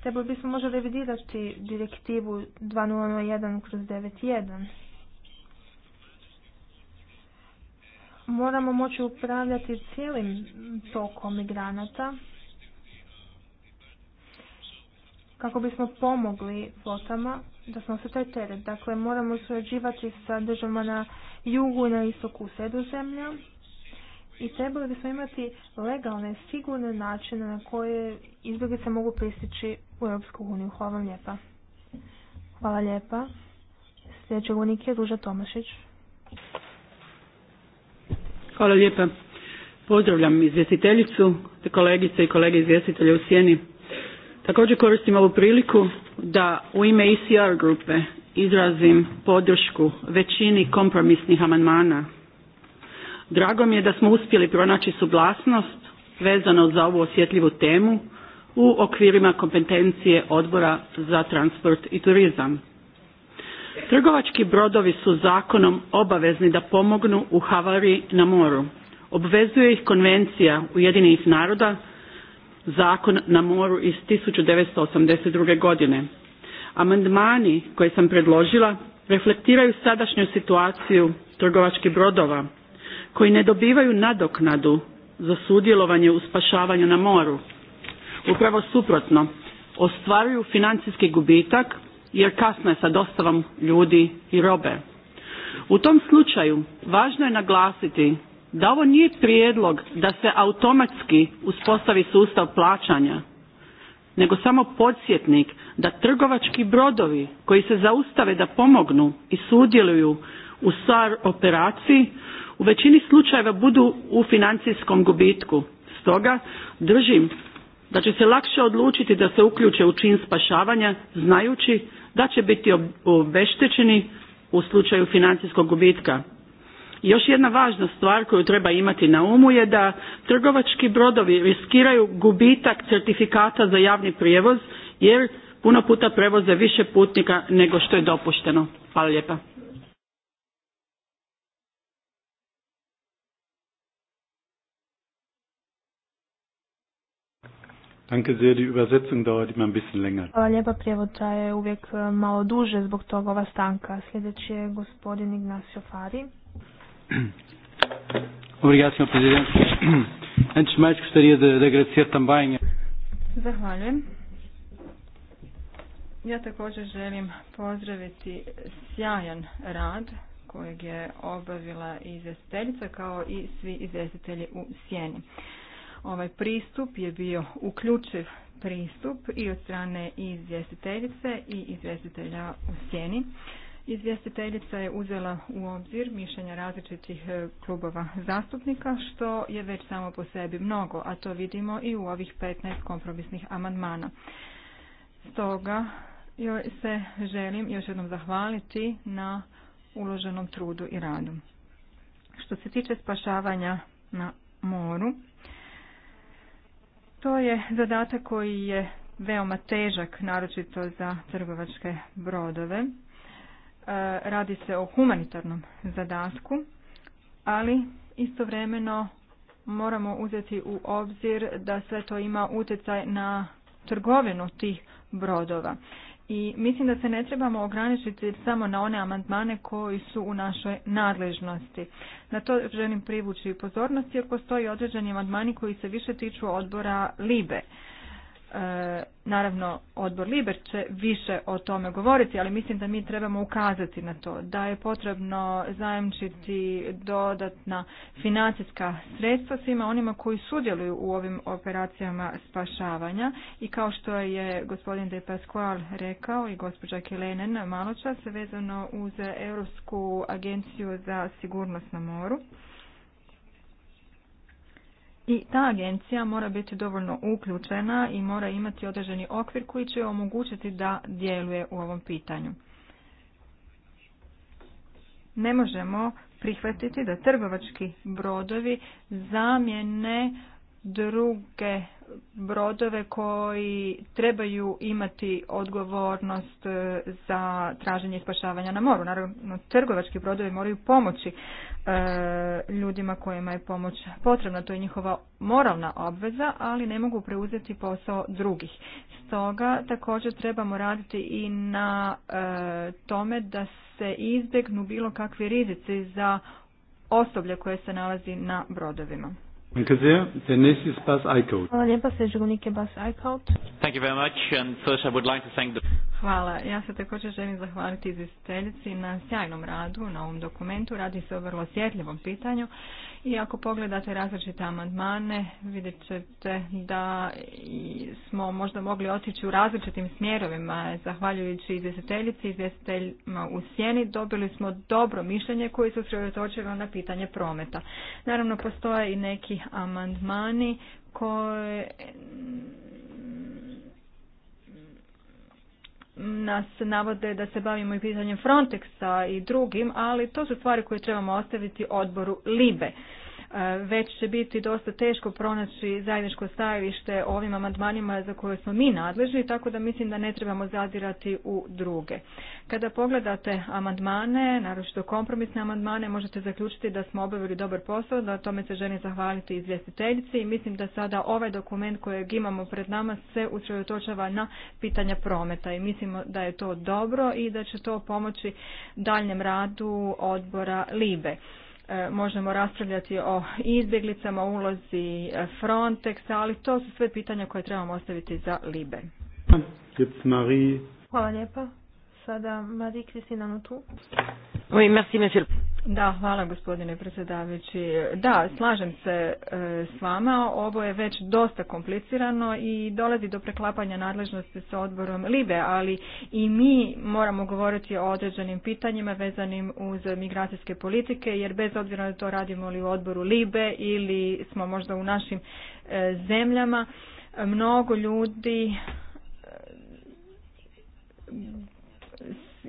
Trebali bismo možda revidirati direktivu 2001 kroz 91. Moramo moći upravljati cijelim tokom migranata kako bismo pomogli flotama da snose taj teret. Dakle, moramo surađivati sa državama na jugu i na istoku zemlja i trebali bismo imati legalne, sigurne načine na koje izbjeglice mogu pristići u Europsku uniju. Hvala vam lijepa. Hvala lijepa. Sljedeći je Duža Tomašić. Hvala lijepa. Pozdravljam izvjestiteljicu, te kolegice i kolege izvjestitelje u Sjeni. Također koristim ovu priliku da u ime ECR grupe izrazim podršku većini kompromisnih amandmana. Drago mi je da smo uspjeli pronaći suglasnost vezano za ovu osjetljivu temu u okvirima kompetencije Odbora za transport i turizam. Trgovački brodovi su zakonom obavezni da pomognu u havari na moru. Obvezuje ih konvencija Ujedinjenih naroda Zakon na moru iz 1982. godine. Amandmani koje sam predložila reflektiraju sadašnju situaciju trgovačkih brodova koji ne dobivaju nadoknadu za sudjelovanje u spašavanju na moru. Upravo suprotno, ostvaruju financijski gubitak jer kasno je sa dostavom ljudi i robe. U tom slučaju važno je naglasiti da ovo nije prijedlog da se automatski uspostavi sustav plaćanja, nego samo podsjetnik da trgovački brodovi koji se zaustave da pomognu i sudjeluju u SAR operaciji u većini slučajeva budu u financijskom gubitku. Stoga držim da će se lakše odlučiti da se uključe u čin spašavanja znajući da će biti obeštećeni u slučaju financijskog gubitka. Još jedna važna stvar koju treba imati na umu je da trgovački brodovi riskiraju gubitak certifikata za javni prijevoz jer puno puta prevoze više putnika nego što je dopušteno. Hvala lijepa. Danke sehr, die Übersetzung Hvala lijepa, prijevod traje uvijek eh, malo duže zbog toga ova stanka. Sljedeći je gospodin Ignacio Fari. Obrigado, Sr. Presidente. Antes de mais, gostaria de, de agradecer Zahvaljujem. Ja također želim pozdraviti sjajan rad kojeg je obavila izvjestiteljica kao i svi izvjestitelji u sjeni. Ovaj pristup je bio uključiv pristup i od strane izvjestiteljice i izvjestitelja u sjeni Izvjestiteljica je uzela u obzir mišljenja različitih e, klubova zastupnika, što je već samo po sebi mnogo, a to vidimo i u ovih 15 kompromisnih amandmana. Stoga joj se želim još jednom zahvaliti na uloženom trudu i radu. Što se tiče spašavanja na moru, to je zadatak koji je veoma težak, naročito za trgovačke brodove E, radi se o humanitarnom zadatku, ali istovremeno moramo uzeti u obzir da sve to ima utjecaj na trgovinu tih brodova. I mislim da se ne trebamo ograničiti samo na one amandmane koji su u našoj nadležnosti. Na to želim privući pozornost jer postoji određeni amandmani koji se više tiču odbora LIBE. E, naravno, odbor Liber će više o tome govoriti, ali mislim da mi trebamo ukazati na to da je potrebno zajemčiti dodatna financijska sredstva svima onima koji sudjeluju u ovim operacijama spašavanja i kao što je gospodin De Pasqual rekao i gospođa Kelenen maločas vezano uz Europsku agenciju za sigurnost na moru. I ta agencija mora biti dovoljno uključena i mora imati određeni okvir koji će omogućiti da djeluje u ovom pitanju. Ne možemo prihvatiti da trgovački brodovi zamjene druge brodove koji trebaju imati odgovornost e, za traženje spašavanja na moru. Naravno, trgovački brodovi moraju pomoći e, ljudima kojima je pomoć potrebna. To je njihova moralna obveza, ali ne mogu preuzeti posao drugih. Stoga također trebamo raditi i na e, tome da se izbjegnu bilo kakvi rizici za osoblje koje se nalazi na brodovima. Danke sehr. Thank you very much and first I would like to thank the... Hvala. Ja se također želim zahvaliti izvjestiteljici na sjajnom radu na ovom dokumentu. Radi se o vrlo osjetljivom pitanju i ako pogledate različite amandmane, vidjet ćete da smo možda mogli otići u različitim smjerovima. Zahvaljujući izvjestiteljici, izvjestiteljima u sjeni, dobili smo dobro mišljenje koje su sredotočilo na pitanje prometa. Naravno, postoje i neki amandmani koje nas navode da se bavimo i pitanjem Frontexa i drugim, ali to su stvari koje trebamo ostaviti odboru Libe već će biti dosta teško pronaći zajedničko stajalište o ovim amandmanima za koje smo mi nadležni, tako da mislim da ne trebamo zadirati u druge. Kada pogledate amandmane, naročito kompromisne amandmane, možete zaključiti da smo obavili dobar posao, da tome se želim zahvaliti izvjestiteljici i mislim da sada ovaj dokument kojeg imamo pred nama se usredotočava na pitanja prometa i mislimo da je to dobro i da će to pomoći daljnjem radu odbora LIBE. E, možemo raspravljati o izbjeglicama, ulozi e, Frontexa, ali to su sve pitanja koje trebamo ostaviti za Libe. Hvala lijepa. Sada Marie Oui, merci, monsieur. Da, hvala gospodine predsjedavajući. Da, slažem se e, s vama. Ovo je već dosta komplicirano i dolazi do preklapanja nadležnosti sa odborom LIBE, ali i mi moramo govoriti o određenim pitanjima vezanim uz migracijske politike, jer bez obzira da to radimo li u odboru LIBE ili smo možda u našim e, zemljama, mnogo ljudi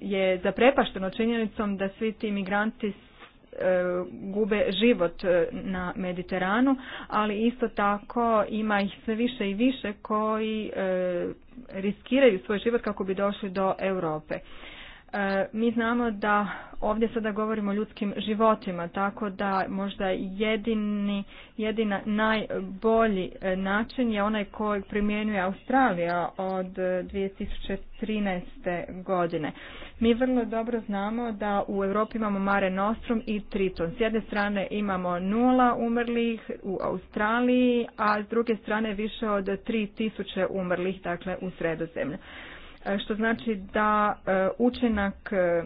je zaprepašteno činjenicom da svi ti migranti e, gube život e, na Mediteranu, ali isto tako ima ih sve više i više koji e, riskiraju svoj život kako bi došli do Europe. E, mi znamo da ovdje sada govorimo o ljudskim životima, tako da možda jedini, jedina najbolji e, način je onaj koji primjenjuje Australija od 2013. E, godine. Mi vrlo dobro znamo da u Europi imamo Mare Nostrum i Triton. S jedne strane imamo nula umrlih u Australiji, a s druge strane više od 3000 umrlih dakle, u sredozemlju. E, što znači da e, učinak e,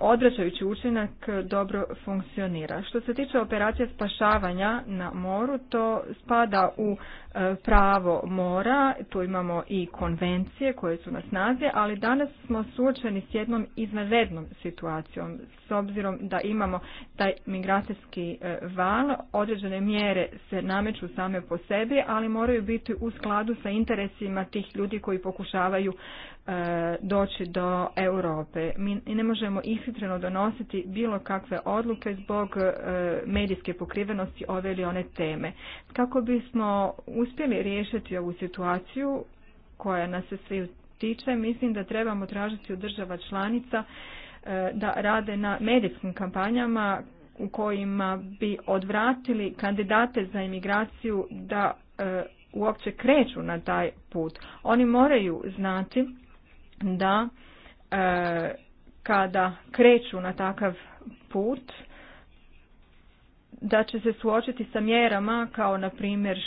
odvraćajući učinak dobro funkcionira. Što se tiče operacije spašavanja na moru, to spada u E, pravo mora, tu imamo i konvencije koje su na snazi, ali danas smo suočeni s jednom izvanrednom situacijom. S obzirom da imamo taj migracijski e, val, određene mjere se nameću same po sebi, ali moraju biti u skladu sa interesima tih ljudi koji pokušavaju e, doći do Europe. Mi ne možemo ishitreno donositi bilo kakve odluke zbog medijske pokrivenosti ove ili one teme. Kako bismo uspjeli riješiti ovu situaciju koja nas se svi tiče, mislim da trebamo tražiti od država članica e, da rade na medijskim kampanjama u kojima bi odvratili kandidate za imigraciju da e, uopće kreću na taj put. Oni moraju znati da e, kada kreću na takav put da će se suočiti sa mjerama kao na primjer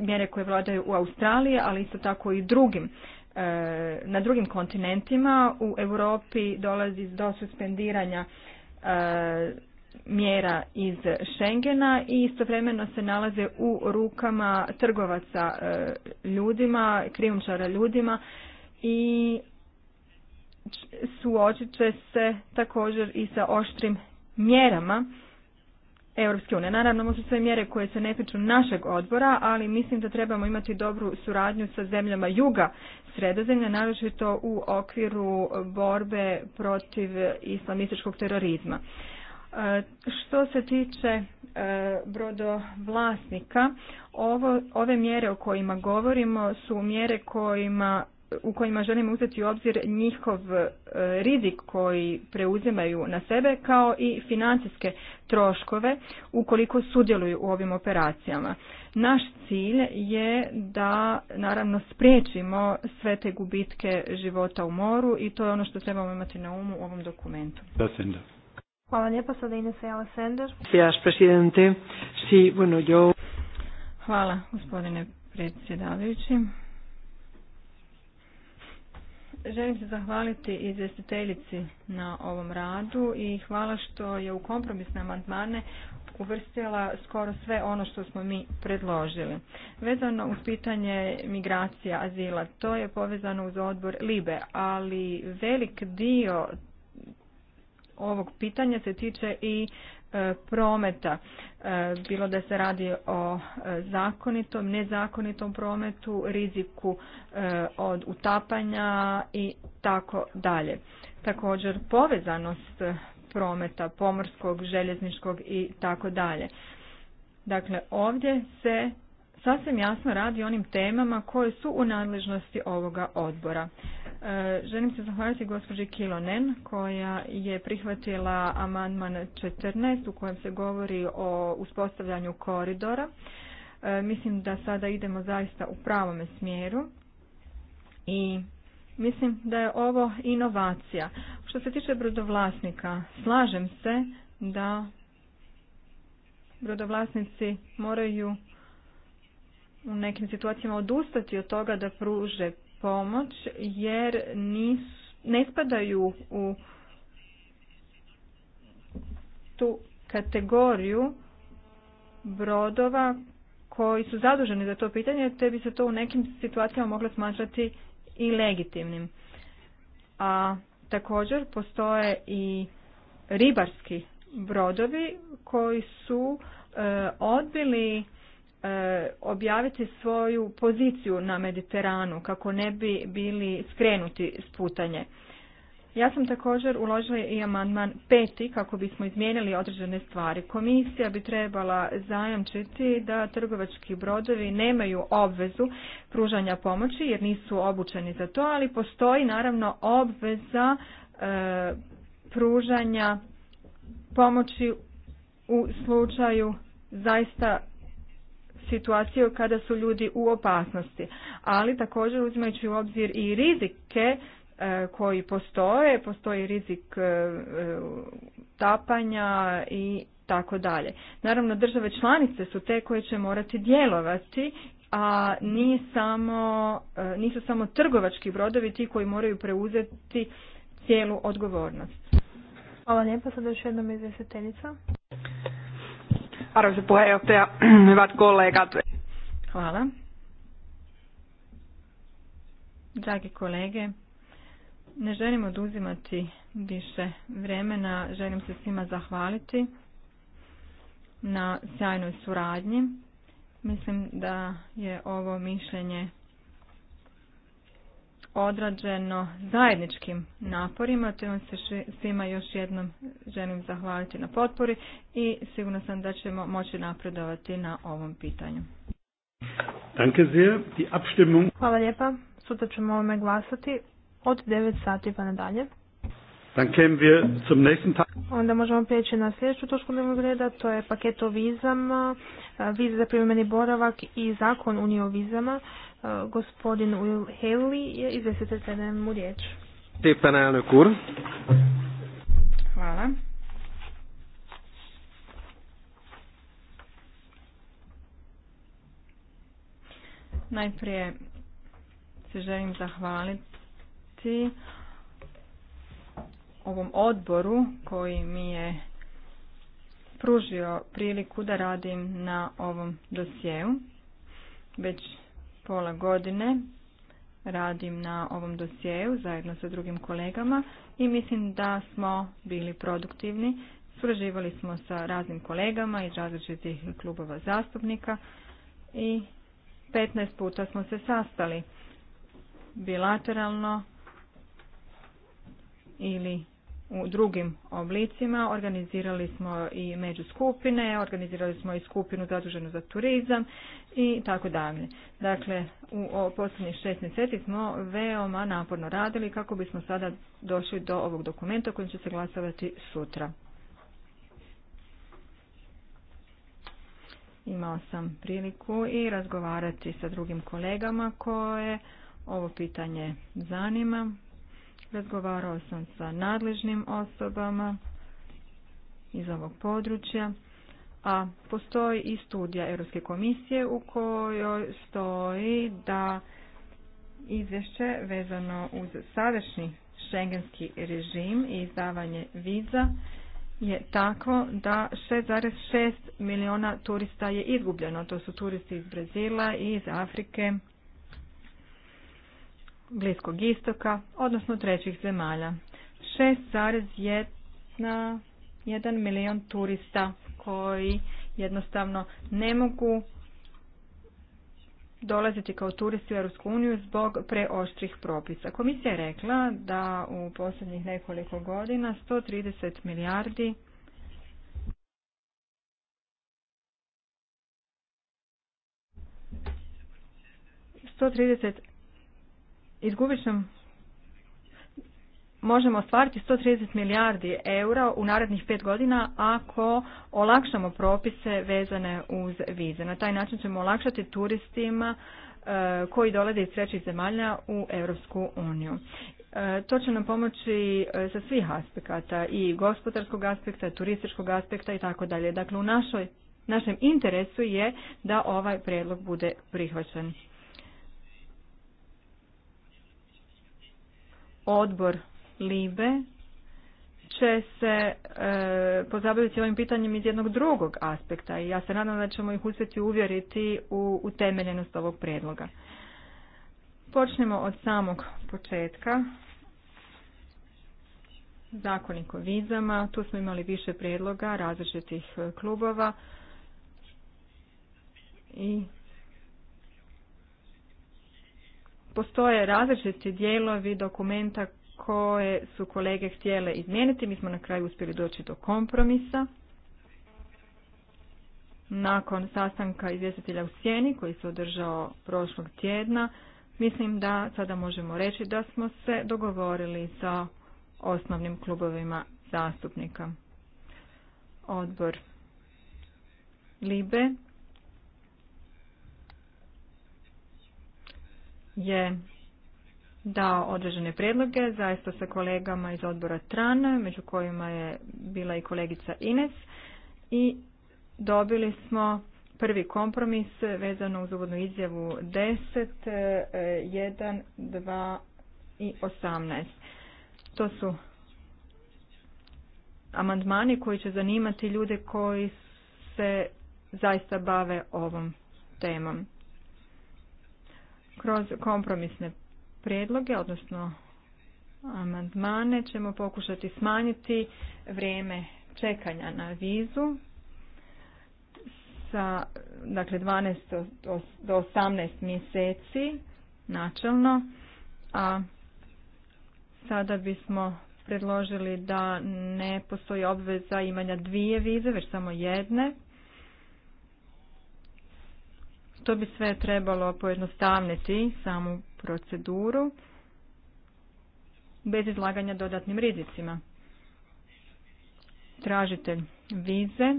mjere koje vladaju u Australiji, ali isto tako i drugim e, na drugim kontinentima. U Europi dolazi do suspendiranja e, mjera iz Schengena i istovremeno se nalaze u rukama trgovaca e, ljudima, krijumčara ljudima i suočit će se također i sa oštrim mjerama Europske unije. Naravno, ovo su sve mjere koje se ne tiču našeg odbora, ali mislim da trebamo imati dobru suradnju sa zemljama juga sredozemlja, naročito u okviru borbe protiv islamističkog terorizma. E, što se tiče e, brodovlasnika, ove mjere o kojima govorimo su mjere kojima u kojima želimo uzeti u obzir njihov e, rizik koji preuzimaju na sebe kao i financijske troškove ukoliko sudjeluju u ovim operacijama. Naš cilj je da naravno spriječimo sve te gubitke života u moru i to je ono što trebamo imati na umu u ovom dokumentu. Hvala lijepa, sada Alessander. Hvala, gospodine predsjedavajući. Želim se zahvaliti izvjestiteljici na ovom radu i hvala što je u kompromisne amandmane uvrstila skoro sve ono što smo mi predložili. Vezano uz pitanje migracija, azila, to je povezano uz odbor Libe, ali velik dio ovog pitanja se tiče i E, prometa, e, bilo da se radi o e, zakonitom, nezakonitom prometu, riziku od utapanja i tako dalje. Također povezanost prometa pomorskog, željezničkog i tako dalje. Dakle, ovdje se sasvim jasno radi onim temama koje su u nadležnosti ovoga odbora. E, želim se zahvaliti gospođi Kilonen koja je prihvatila amandman 14 u kojem se govori o uspostavljanju koridora. E, mislim da sada idemo zaista u pravome smjeru i mislim da je ovo inovacija. Što se tiče brodovlasnika, slažem se da brodovlasnici moraju u nekim situacijama odustati od toga da pruže pomoć jer nis, ne spadaju u tu kategoriju brodova koji su zaduženi za to pitanje, te bi se to u nekim situacijama moglo smatrati i legitimnim. A također postoje i ribarski brodovi koji su e, odbili E, objaviti svoju poziciju na Mediteranu kako ne bi bili skrenuti s putanje. Ja sam također uložila i amandman peti kako bismo izmijenili određene stvari. Komisija bi trebala zajamčiti da trgovački brodovi nemaju obvezu pružanja pomoći jer nisu obučeni za to, ali postoji naravno obveza e, pružanja pomoći u slučaju zaista situaciju kada su ljudi u opasnosti, ali također uzimajući u obzir i rizike e, koji postoje, postoji rizik e, e, tapanja i tako dalje. Naravno, države članice su te koje će morati djelovati, a nije samo, nisu samo trgovački brodovi ti koji moraju preuzeti cijelu odgovornost. Hvala lijepa, sada još jednom izvjestiteljica. Arvoisa puheenjohtaja, hyvät kollegat. Hvala. Dragi kolege, ne želim oduzimati više vremena, želim se svima zahvaliti na sjajnoj suradnji. Mislim da je ovo mišljenje odrađeno zajedničkim naporima, te vam se svima još jednom želim zahvaliti na potpori i sigurno sam da ćemo moći napredovati na ovom pitanju. Hvala lijepa. Sutra ćemo ovome glasati od 9 sati pa nadalje. Onda možemo prijeći na sljedeću točku dnevnog reda, to je paket o vizama, e, vize za privremeni boravak i zakon unije o vizama. E, gospodin Will Haley je izvjestitelj dajem mu riječ. Hvala. Najprije se želim zahvaliti ovom odboru koji mi je pružio priliku da radim na ovom dosjeu. Već pola godine radim na ovom dosjeu zajedno sa drugim kolegama i mislim da smo bili produktivni. Surađivali smo sa raznim kolegama iz različitih klubova zastupnika i 15 puta smo se sastali bilateralno ili u drugim oblicima. Organizirali smo i skupine, organizirali smo i skupinu zaduženu za turizam i tako dalje. Dakle, u posljednjih šest mjeseci smo veoma naporno radili kako bismo sada došli do ovog dokumenta kojim će se glasovati sutra. Imao sam priliku i razgovarati sa drugim kolegama koje ovo pitanje zanima. Razgovarao sam sa nadležnim osobama iz ovog područja, a postoji i studija Europske komisije u kojoj stoji da izvješće vezano uz sadašnji šengenski režim i izdavanje viza je takvo da 6,6 miliona turista je izgubljeno. To su turisti iz Brazila i iz Afrike Bliskog istoka, odnosno trećih zemalja. 6,1 milijun turista koji jednostavno ne mogu dolaziti kao turisti u Europsku uniju zbog preoštrih propisa. Komisija je rekla da u posljednjih nekoliko godina 130 milijardi ...130 izgubit ćemo možemo ostvariti 130 milijardi eura u narednih pet godina ako olakšamo propise vezane uz vize. Na taj način ćemo olakšati turistima e, koji dolaze iz trećih zemalja u Europsku uniju. E, to će nam pomoći e, sa svih aspekata i gospodarskog aspekta, turističkog aspekta i tako dalje. Dakle, u našem interesu je da ovaj prijedlog bude prihvaćen. odbor Libe će se e, pozabaviti ovim pitanjem iz jednog drugog aspekta i ja se nadam da ćemo ih uspjeti uvjeriti u utemeljenost ovog predloga. Počnemo od samog početka. Zakonik o vizama, tu smo imali više prijedloga različitih e, klubova i postoje različiti dijelovi dokumenta koje su kolege htjele izmijeniti. Mi smo na kraju uspjeli doći do kompromisa. Nakon sastanka izvjestitelja u Sjeni koji se održao prošlog tjedna, mislim da sada možemo reći da smo se dogovorili sa osnovnim klubovima zastupnika. Odbor Libe je dao određene predloge, zaista sa kolegama iz odbora TRAN, među kojima je bila i kolegica Ines i dobili smo prvi kompromis vezano uz uvodnu izjavu 10, 1, 2 i 18. To su amandmani koji će zanimati ljude koji se zaista bave ovom temom. Kroz kompromisne predloge, odnosno amandmane, ćemo pokušati smanjiti vrijeme čekanja na vizu sa dakle 12 do 18 mjeseci načelno, a sada bismo predložili da ne postoji obveza imanja dvije vize, već samo jedne. To bi sve trebalo pojednostavniti samu proceduru bez izlaganja dodatnim rizicima. Tražitelj vize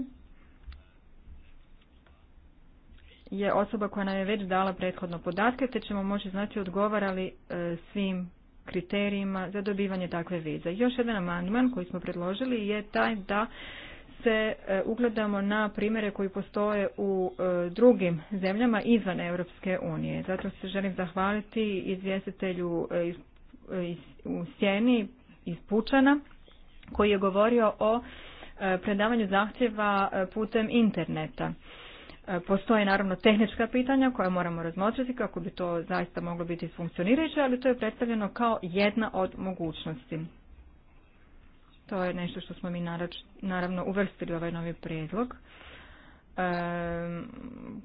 je osoba koja nam je već dala prethodno podatke, te ćemo moći znači odgovarali e, svim kriterijima za dobivanje takve vize. Još jedan amandman koji smo predložili je taj da se e, ugledamo na primjere koji postoje u e, drugim zemljama izvan Europske unije. Zato se želim zahvaliti izvjestitelju e, u Sjeni iz Pučana koji je govorio o predavanju zahtjeva putem interneta. Postoje naravno tehnička pitanja koja moramo razmotriti kako bi to zaista moglo biti funkcionirajuće, ali to je predstavljeno kao jedna od mogućnosti. To je nešto što smo mi naravno uvrstili u ovaj novi prijedlog.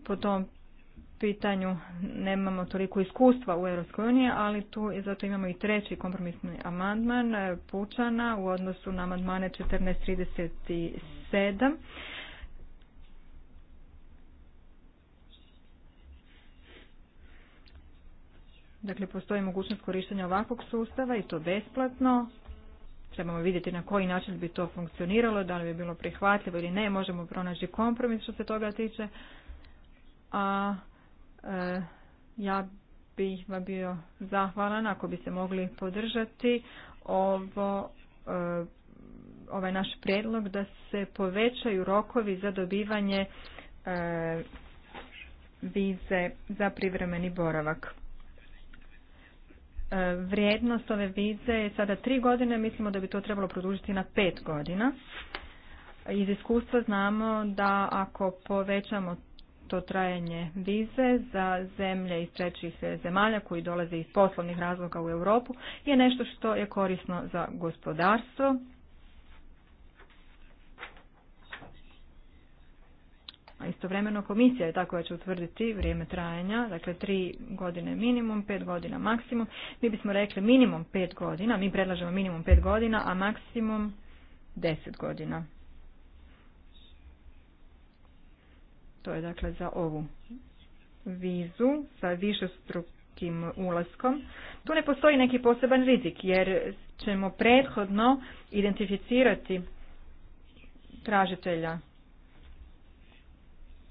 Po tom pitanju nemamo toliko iskustva u EU, ali tu je zato imamo i treći kompromisni amandman e, Pučana u odnosu na amandmane 1437. Dakle, postoji mogućnost korištenja ovakvog sustava i to besplatno trebamo vidjeti na koji način bi to funkcioniralo, da li bi bilo prihvatljivo ili ne, možemo pronaći kompromis što se toga tiče. A e, ja bih vam bio zahvalan ako bi se mogli podržati ovo e, ovaj naš prijedlog da se povećaju rokovi za dobivanje e, vize za privremeni boravak. E, vrijednost ove vize je sada tri godine, mislimo da bi to trebalo produžiti na pet godina. Iz iskustva znamo da ako povećamo to trajanje vize za zemlje iz trećih zemalja koji dolaze iz poslovnih razloga u Europu je nešto što je korisno za gospodarstvo A istovremeno komisija je ta koja će utvrditi vrijeme trajanja, dakle tri godine minimum, pet godina maksimum. Mi bismo rekli minimum pet godina, mi predlažemo minimum pet godina, a maksimum deset godina. To je dakle za ovu vizu sa višestrukim ulaskom. Tu ne postoji neki poseban rizik jer ćemo prethodno identificirati tražitelja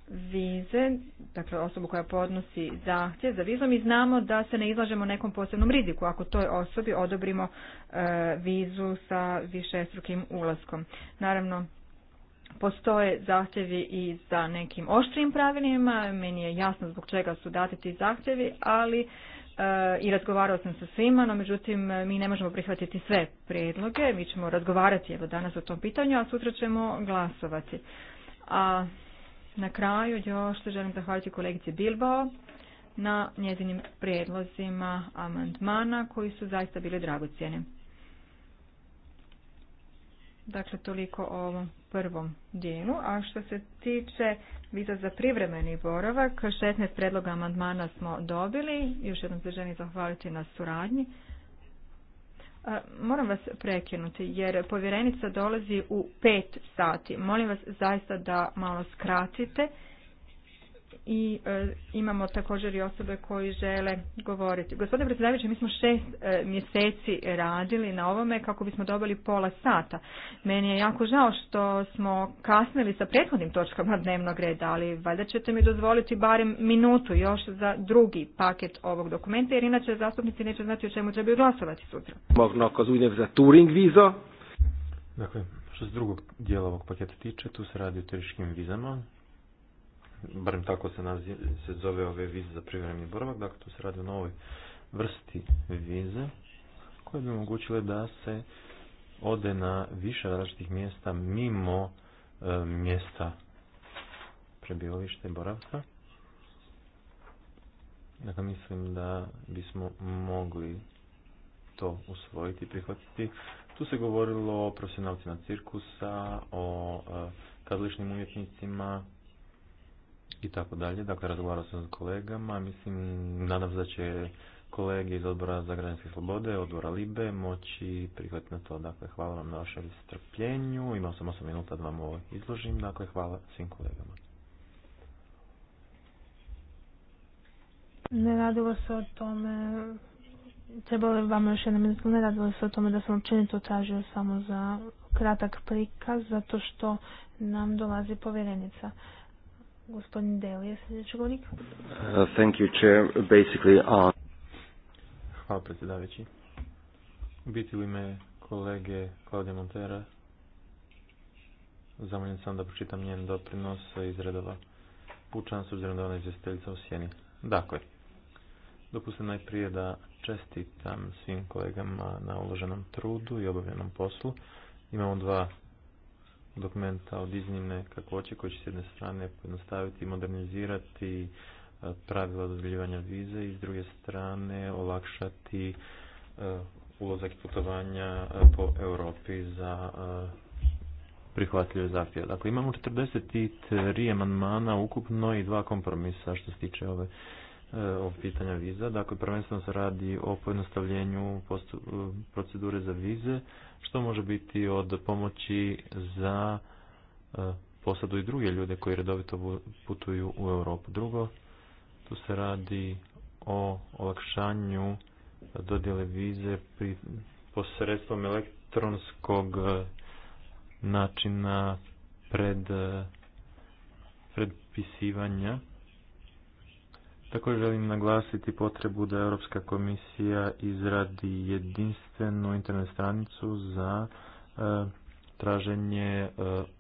vize, dakle osobu koja podnosi zahtjev za vizom i znamo da se ne izlažemo nekom posebnom riziku ako toj osobi odobrimo e, vizu sa višestrukim ulaskom. Naravno, postoje zahtjevi i za nekim oštrim pravilima, meni je jasno zbog čega su dati ti zahtjevi, ali e, i razgovarao sam sa svima, no međutim mi ne možemo prihvatiti sve prijedloge, mi ćemo razgovarati evo danas o tom pitanju, a sutra ćemo glasovati. A na kraju još se želim zahvaliti kolegici Bilbao na njezinim prijedlozima amandmana koji su zaista bili dragocjeni. Dakle, toliko o ovom prvom dijelu. A što se tiče viza za privremeni boravak, 16 predloga amandmana smo dobili. Još jednom se želim zahvaliti na suradnji. Moram vas prekinuti jer povjerenica dolazi u pet sati. Molim vas zaista da malo skratite i e, imamo također i osobe koji žele govoriti. Gospodine predsjedavajući, mi smo šest e, mjeseci radili na ovome kako bismo dobili pola sata. Meni je jako žao što smo kasnili sa prethodnim točkama dnevnog reda, ali valjda ćete mi dozvoliti barem minutu još za drugi paket ovog dokumenta, jer inače zastupnici neće znati o čemu trebaju glasovati sutra. Mogno za Turing vizo. Dakle, što se drugog dijela ovog paketa tiče, tu se radi o turističkim vizama barem tako se, naziv, se zove ove vize za privremeni boravak, dakle tu se radi o novoj vrsti vize koje bi omogućile da se ode na više različitih mjesta mimo e, mjesta prebivalište boravka. Dakle, mislim da bismo mogli to usvojiti i prihvatiti. Tu se govorilo o profesionalcima cirkusa, o e, umjetnicima, i tako dalje. Dakle, razgovarao sam s kolegama, mislim, nadam se da će kolege iz odbora za građanske slobode, odbora Libe, moći prihvatiti na to. Dakle, hvala vam na vašem strpljenju. Imao sam 8 minuta da vam ovo izložim. Dakle, hvala svim kolegama. Ne radilo se o tome, trebalo je vam još jedna minuta, ne radilo se o tome da sam općenito tražio samo za kratak prikaz, zato što nam dolazi povjerenica. Gospodin Deli sljedeći govornik. Uh, thank you, chair. Basically, uh, Hvala predsjedavajući. Biti u ime kolege Klaudija Montera zamoljen sam da pročitam njen doprinos iz redova pučan s obzirom da ona izvjestiteljica u sjeni. Dakle, dopustim najprije da čestitam svim kolegama na uloženom trudu i obavljenom poslu. Imamo dva dokumenta od iznimne kakvoće koji će s jedne strane pojednostaviti i modernizirati e, pravila dodjeljivanja vize i s druge strane olakšati e, ulozak putovanja e, po Europi za prihvatljive zahtjeve. Dakle, imamo 43 amandmana ukupno i dva kompromisa što se tiče ove E, o pitanja viza. Dakle, prvenstveno se radi o pojednostavljenju e, procedure za vize, što može biti od pomoći za e, posadu i druge ljude koji redovito putuju u Europu. Drugo, tu se radi o olakšanju dodjele vize pri, posredstvom elektronskog načina pred, predpisivanja Također želim naglasiti potrebu da Europska komisija izradi jedinstvenu internet stranicu za e, traženje e,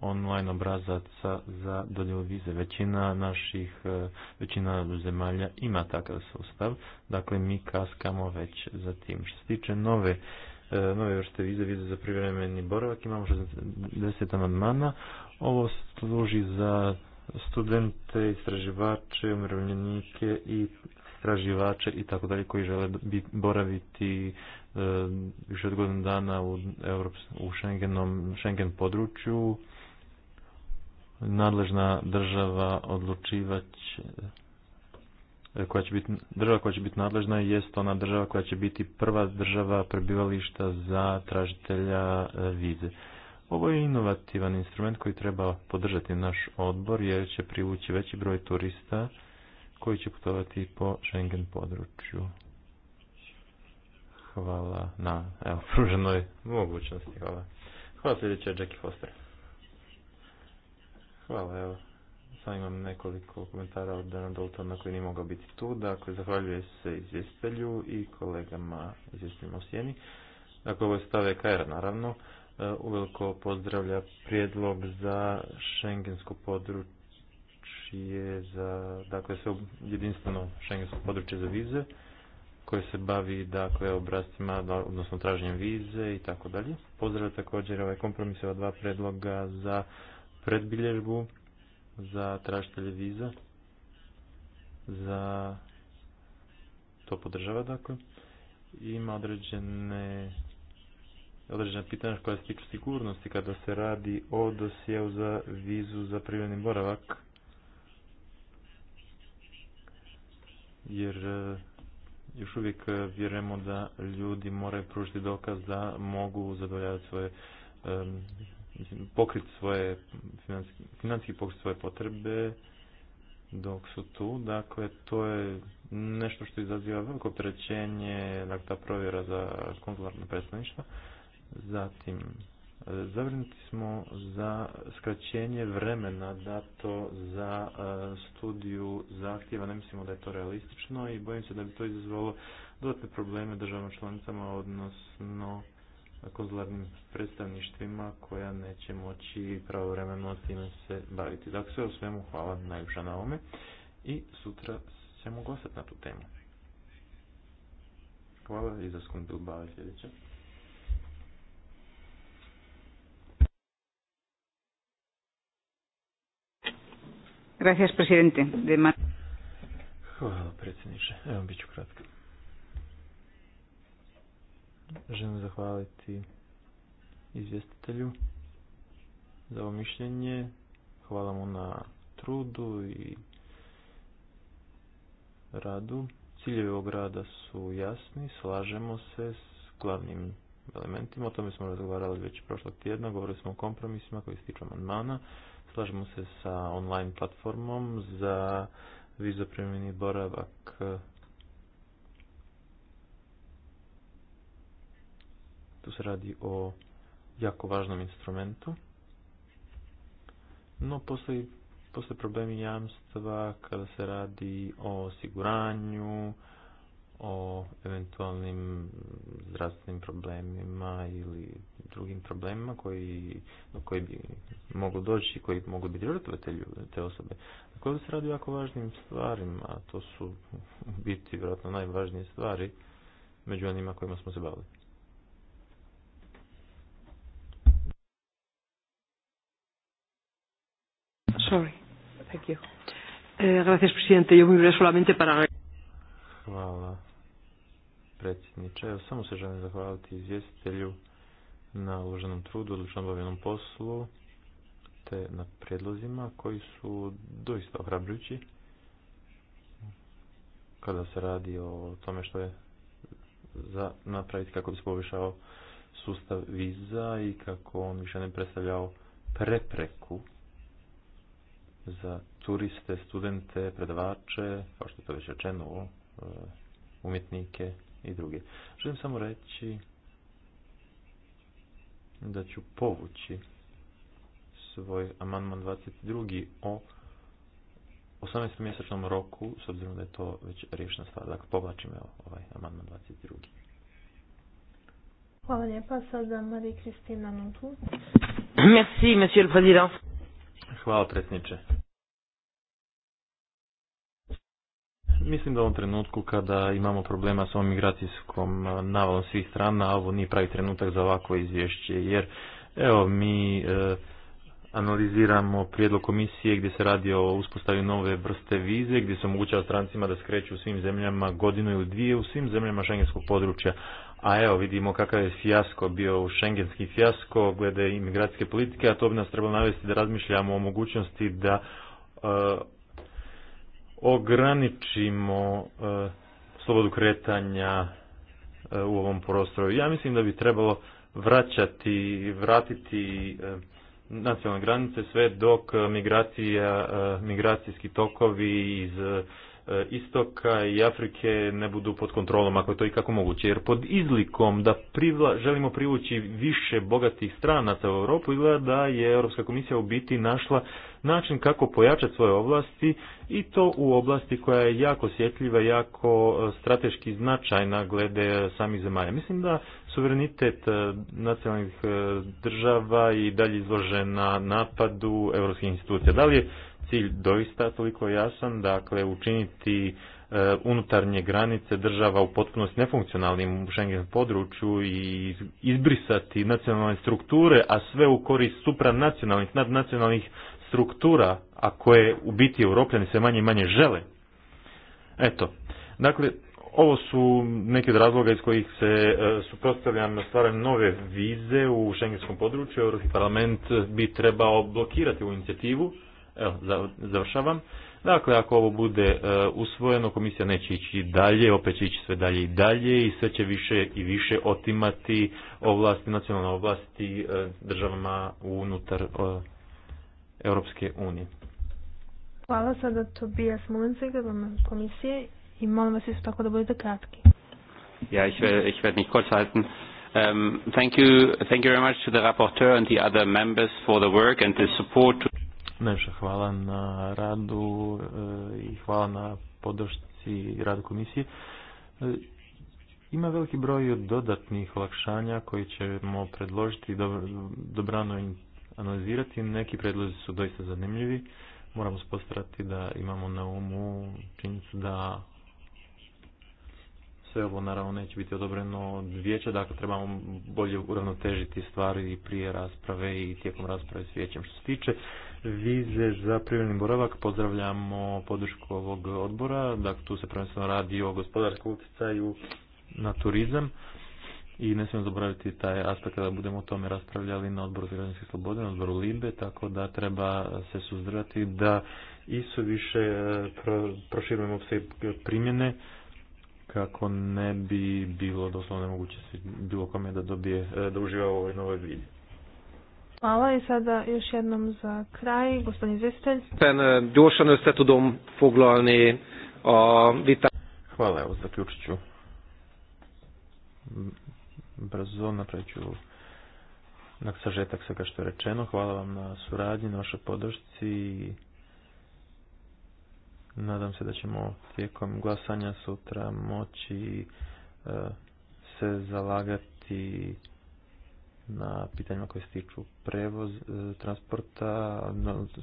online obrazaca za dodjelu vize. Većina naših, e, većina zemalja ima takav sustav, dakle mi kaskamo već za tim. Što se tiče nove e, nove vrste vize, vize za privremeni boravak, imamo 60 amandmana. Ovo služi za studente, istraživače, umirovljenike i istraživače i tako dalje koji žele boraviti e, više od godinu dana u, Europs, Schengen području. Nadležna država odlučivać e, koja će biti, država koja će biti nadležna jest ona država koja će biti prva država prebivališta za tražitelja e, vize. Ovo je inovativan instrument koji treba podržati naš odbor jer će privući veći broj turista koji će putovati po Schengen području. Hvala na evo, pruženoj mogućnosti. Hvala. Hvala sljedeća Jackie Foster. Hvala, evo. Sam imam nekoliko komentara od Dana Daltona koji nije mogao biti tu. Dakle, zahvaljuje se izvjestelju i kolegama izvjestljima u Sjeni. Dakle, ovo je stave KR, naravno. E, uveliko pozdravlja prijedlog za šengensko područje za dakle sve jedinstveno šengensko područje za vize koje se bavi dakle obrazcima odnosno traženjem vize i tako dalje. Pozdravlja također ovaj kompromis ova dva predloga za predbilježbu za tražitelje viza za to podržava dakle ima određene određena pitanja koja se sigurnosti kada se radi o dosjeu za vizu za privremeni boravak. Jer eh, još uvijek eh, vjerujemo da ljudi moraju pružiti dokaz da mogu zadovoljavati svoje pokriti svoje financijski pokriti svoje potrebe dok su tu. Dakle, to je nešto što izaziva veliko opterećenje, dakle, ta provjera za konzularno predstavništvo. Zatim, e, zavrnuti smo za skraćenje vremena dato za e, studiju zahtjeva. Ne mislimo da je to realistično i bojim se da bi to izazvalo dodatne probleme državama članicama, odnosno konzularnim predstavništvima koja neće moći pravovremeno time se baviti. Dakle, sve o svemu hvala najljepša na ome i sutra ćemo glasati na tu temu. Hvala i za skundu Gracias, presidente. De... Hvala, predsjedniče. Evo, bit ću kratka. Želim zahvaliti izvjestitelju za ovo mišljenje. Hvala mu na trudu i radu. Ciljevi ovog rada su jasni, slažemo se s glavnim elementima. O tome smo razgovarali već prošlog tjedna, govorili smo o kompromisima koji se tiču amandmana. Slažemo se sa online platformom za vizopremljeni boravak Tu se radi o jako važnom instrumentu. No, postoje problemi jamstva kada se radi o osiguranju, o eventualnim zdravstvenim problemima ili drugim problemima koji, koji bi mogu doći i koji mogu biti žrtve te, te osobe. Dakle, ovdje se radi o jako važnim stvarima, a to su biti vjerojatno najvažnije stvari među onima kojima smo se bavili. Sorry. Thank you. Eh, gracias, presidente. Yo solamente para... Hvala predsjedniče. Evo, samo se želim zahvaliti izvjestitelju na uloženom trudu, odlično obavljenom poslu, te na predlozima koji su doista ohrabrujući kada se radi o tome što je za napraviti kako bi se poboljšao sustav viza i kako on više ne predstavljao prepreku za turiste, studente, predavače, kao što je to već rečeno, e, umjetnike i druge. Želim samo reći da ću povući svoj amandman 22. o 18-mjesečnom roku, s obzirom da je to već riješna stvar. Dakle, povlačim evo, ovaj amandman 22. Hvala lijepa. Sada Marie-Christine Merci, monsieur le Président. Hvala, predsjedniče. Mislim da u ovom trenutku kada imamo problema s ovom migracijskom eh, navalom svih strana, ovo nije pravi trenutak za ovako izvješće, jer evo mi eh, analiziramo prijedlog komisije gdje se radi o uspostavi nove vrste vize, gdje se omogućava strancima da skreću u svim zemljama godinu ili dvije u svim zemljama šengenskog područja. A evo vidimo kakav je fijasko bio u šengenski fijasko glede imigracijske politike, a to bi nas trebalo navesti da razmišljamo o mogućnosti da eh, ograničimo e, slobodu kretanja e, u ovom prostoru. Ja mislim da bi trebalo vraćati, vratiti e, nacionalne granice sve dok migracija, migracijski tokovi iz Eh, istoka i Afrike ne budu pod kontrolom, ako je to i kako moguće. Jer pod izlikom da privla, želimo privući više bogatih stranaca u Europu, izgleda da je Europska komisija u biti našla način kako pojačati svoje oblasti i to u oblasti koja je jako sjetljiva, jako eh, strateški značajna glede samih zemalja. Mislim da suverenitet eh, nacionalnih država i dalje izložena napadu europskih institucija. Da li je cilj doista toliko jasan, dakle učiniti e, unutarnje granice država u potpunosti nefunkcionalnim u Schengen području i izbrisati nacionalne strukture, a sve u korist supranacionalnih, nadnacionalnih struktura, a koje u biti europljani sve manje i manje žele. Eto, dakle, ovo su neki od razloga iz kojih se e, suprotstavljam na stvaranju nove vize u šengenskom području. Europski parlament bi trebao blokirati ovu inicijativu Evo, završavam. Dakle, ako ovo bude e, usvojeno, komisija neće ići dalje, opet će ići sve dalje i dalje i sve će više i više otimati ovlasti, nacionalne ovlasti e, državama unutar e, Europske unije. Hvala sada Tobijas Mulincega, komisije i molim vas isto tako da budete kratki. Ja, ich werde, ich werde mich kurz halten. Ähm, thank you, thank you very much to the rapporteur and the other members for the work and the support Najviše hvala na radu e, i hvala na podršci i radu komisije. E, ima veliki broj dodatnih olakšanja koji ćemo predložiti i dobrano analizirati. Neki predlozi su doista zanimljivi. Moramo postarati da imamo na umu činjenicu da sve ovo naravno neće biti odobreno od vijeća, dakle trebamo bolje uravnotežiti stvari i prije rasprave i tijekom rasprave s vijećem. Što se tiče vize za privremeni boravak. Pozdravljamo podršku ovog odbora. Dakle, tu se prvenstveno radi o gospodarskom utjecaju na turizam i ne smijemo zaboraviti taj aspekt kada budemo o tome raspravljali na odboru za građanske slobode, na odboru Libe, tako da treba se suzdrati da su više e, proširujemo sve primjene kako ne bi bilo doslovno nemoguće bilo kome da dobije e, da uživa u ovoj novoj vidi. Hvala i sada još jednom za kraj, gospodin izvjestitelj. E, gyorsan se tudom foglalni a vita. Hvala, evo zaključit ću. Brzo napravit ću na sažetak svega što je rečeno. Hvala vam na suradnji, na vašoj podršci. Nadam se da ćemo tijekom glasanja sutra moći e, se zalagati na pitanjima koje se tiču prevoz, e, transporta,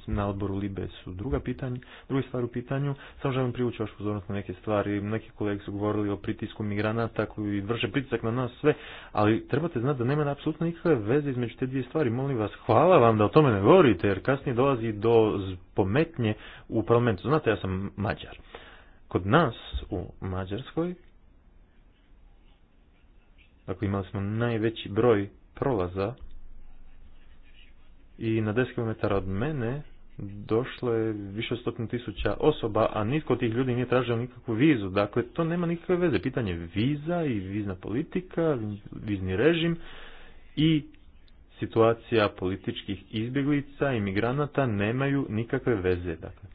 na odboru Libe su druga pitanja, druga stvar u pitanju. Samo želim privući vaš pozornost na neke stvari. Neki kolege su govorili o pritisku migranata koji vrše pritisak na nas sve, ali trebate znati da nema apsolutno nikakve veze između te dvije stvari. Molim vas, hvala vam da o tome ne govorite, jer kasnije dolazi do pometnje u parlamentu. Znate, ja sam Mađar. Kod nas u Mađarskoj Dakle, imali smo najveći broj prolaza i na 10 km od mene došlo je više stotinu tisuća osoba, a nitko od tih ljudi nije tražio nikakvu vizu. Dakle, to nema nikakve veze. Pitanje viza i vizna politika, vizni režim i situacija političkih izbjeglica i migranata nemaju nikakve veze. Dakle,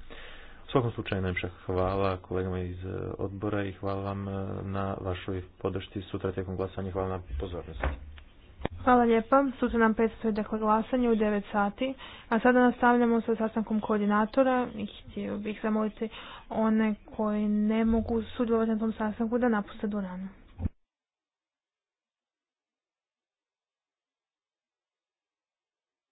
u svakom slučaju najviše hvala kolegama iz e, odbora i hvala vam e, na vašoj podršci sutra tijekom glasanja. Hvala na pozornosti. Hvala lijepa. Sutra nam predstavljaju dakle glasanje u 9 sati. A sada nastavljamo sa sastankom koordinatora i htio bih zamoliti one koji ne mogu sudjelovati na tom sastanku da napuste rana.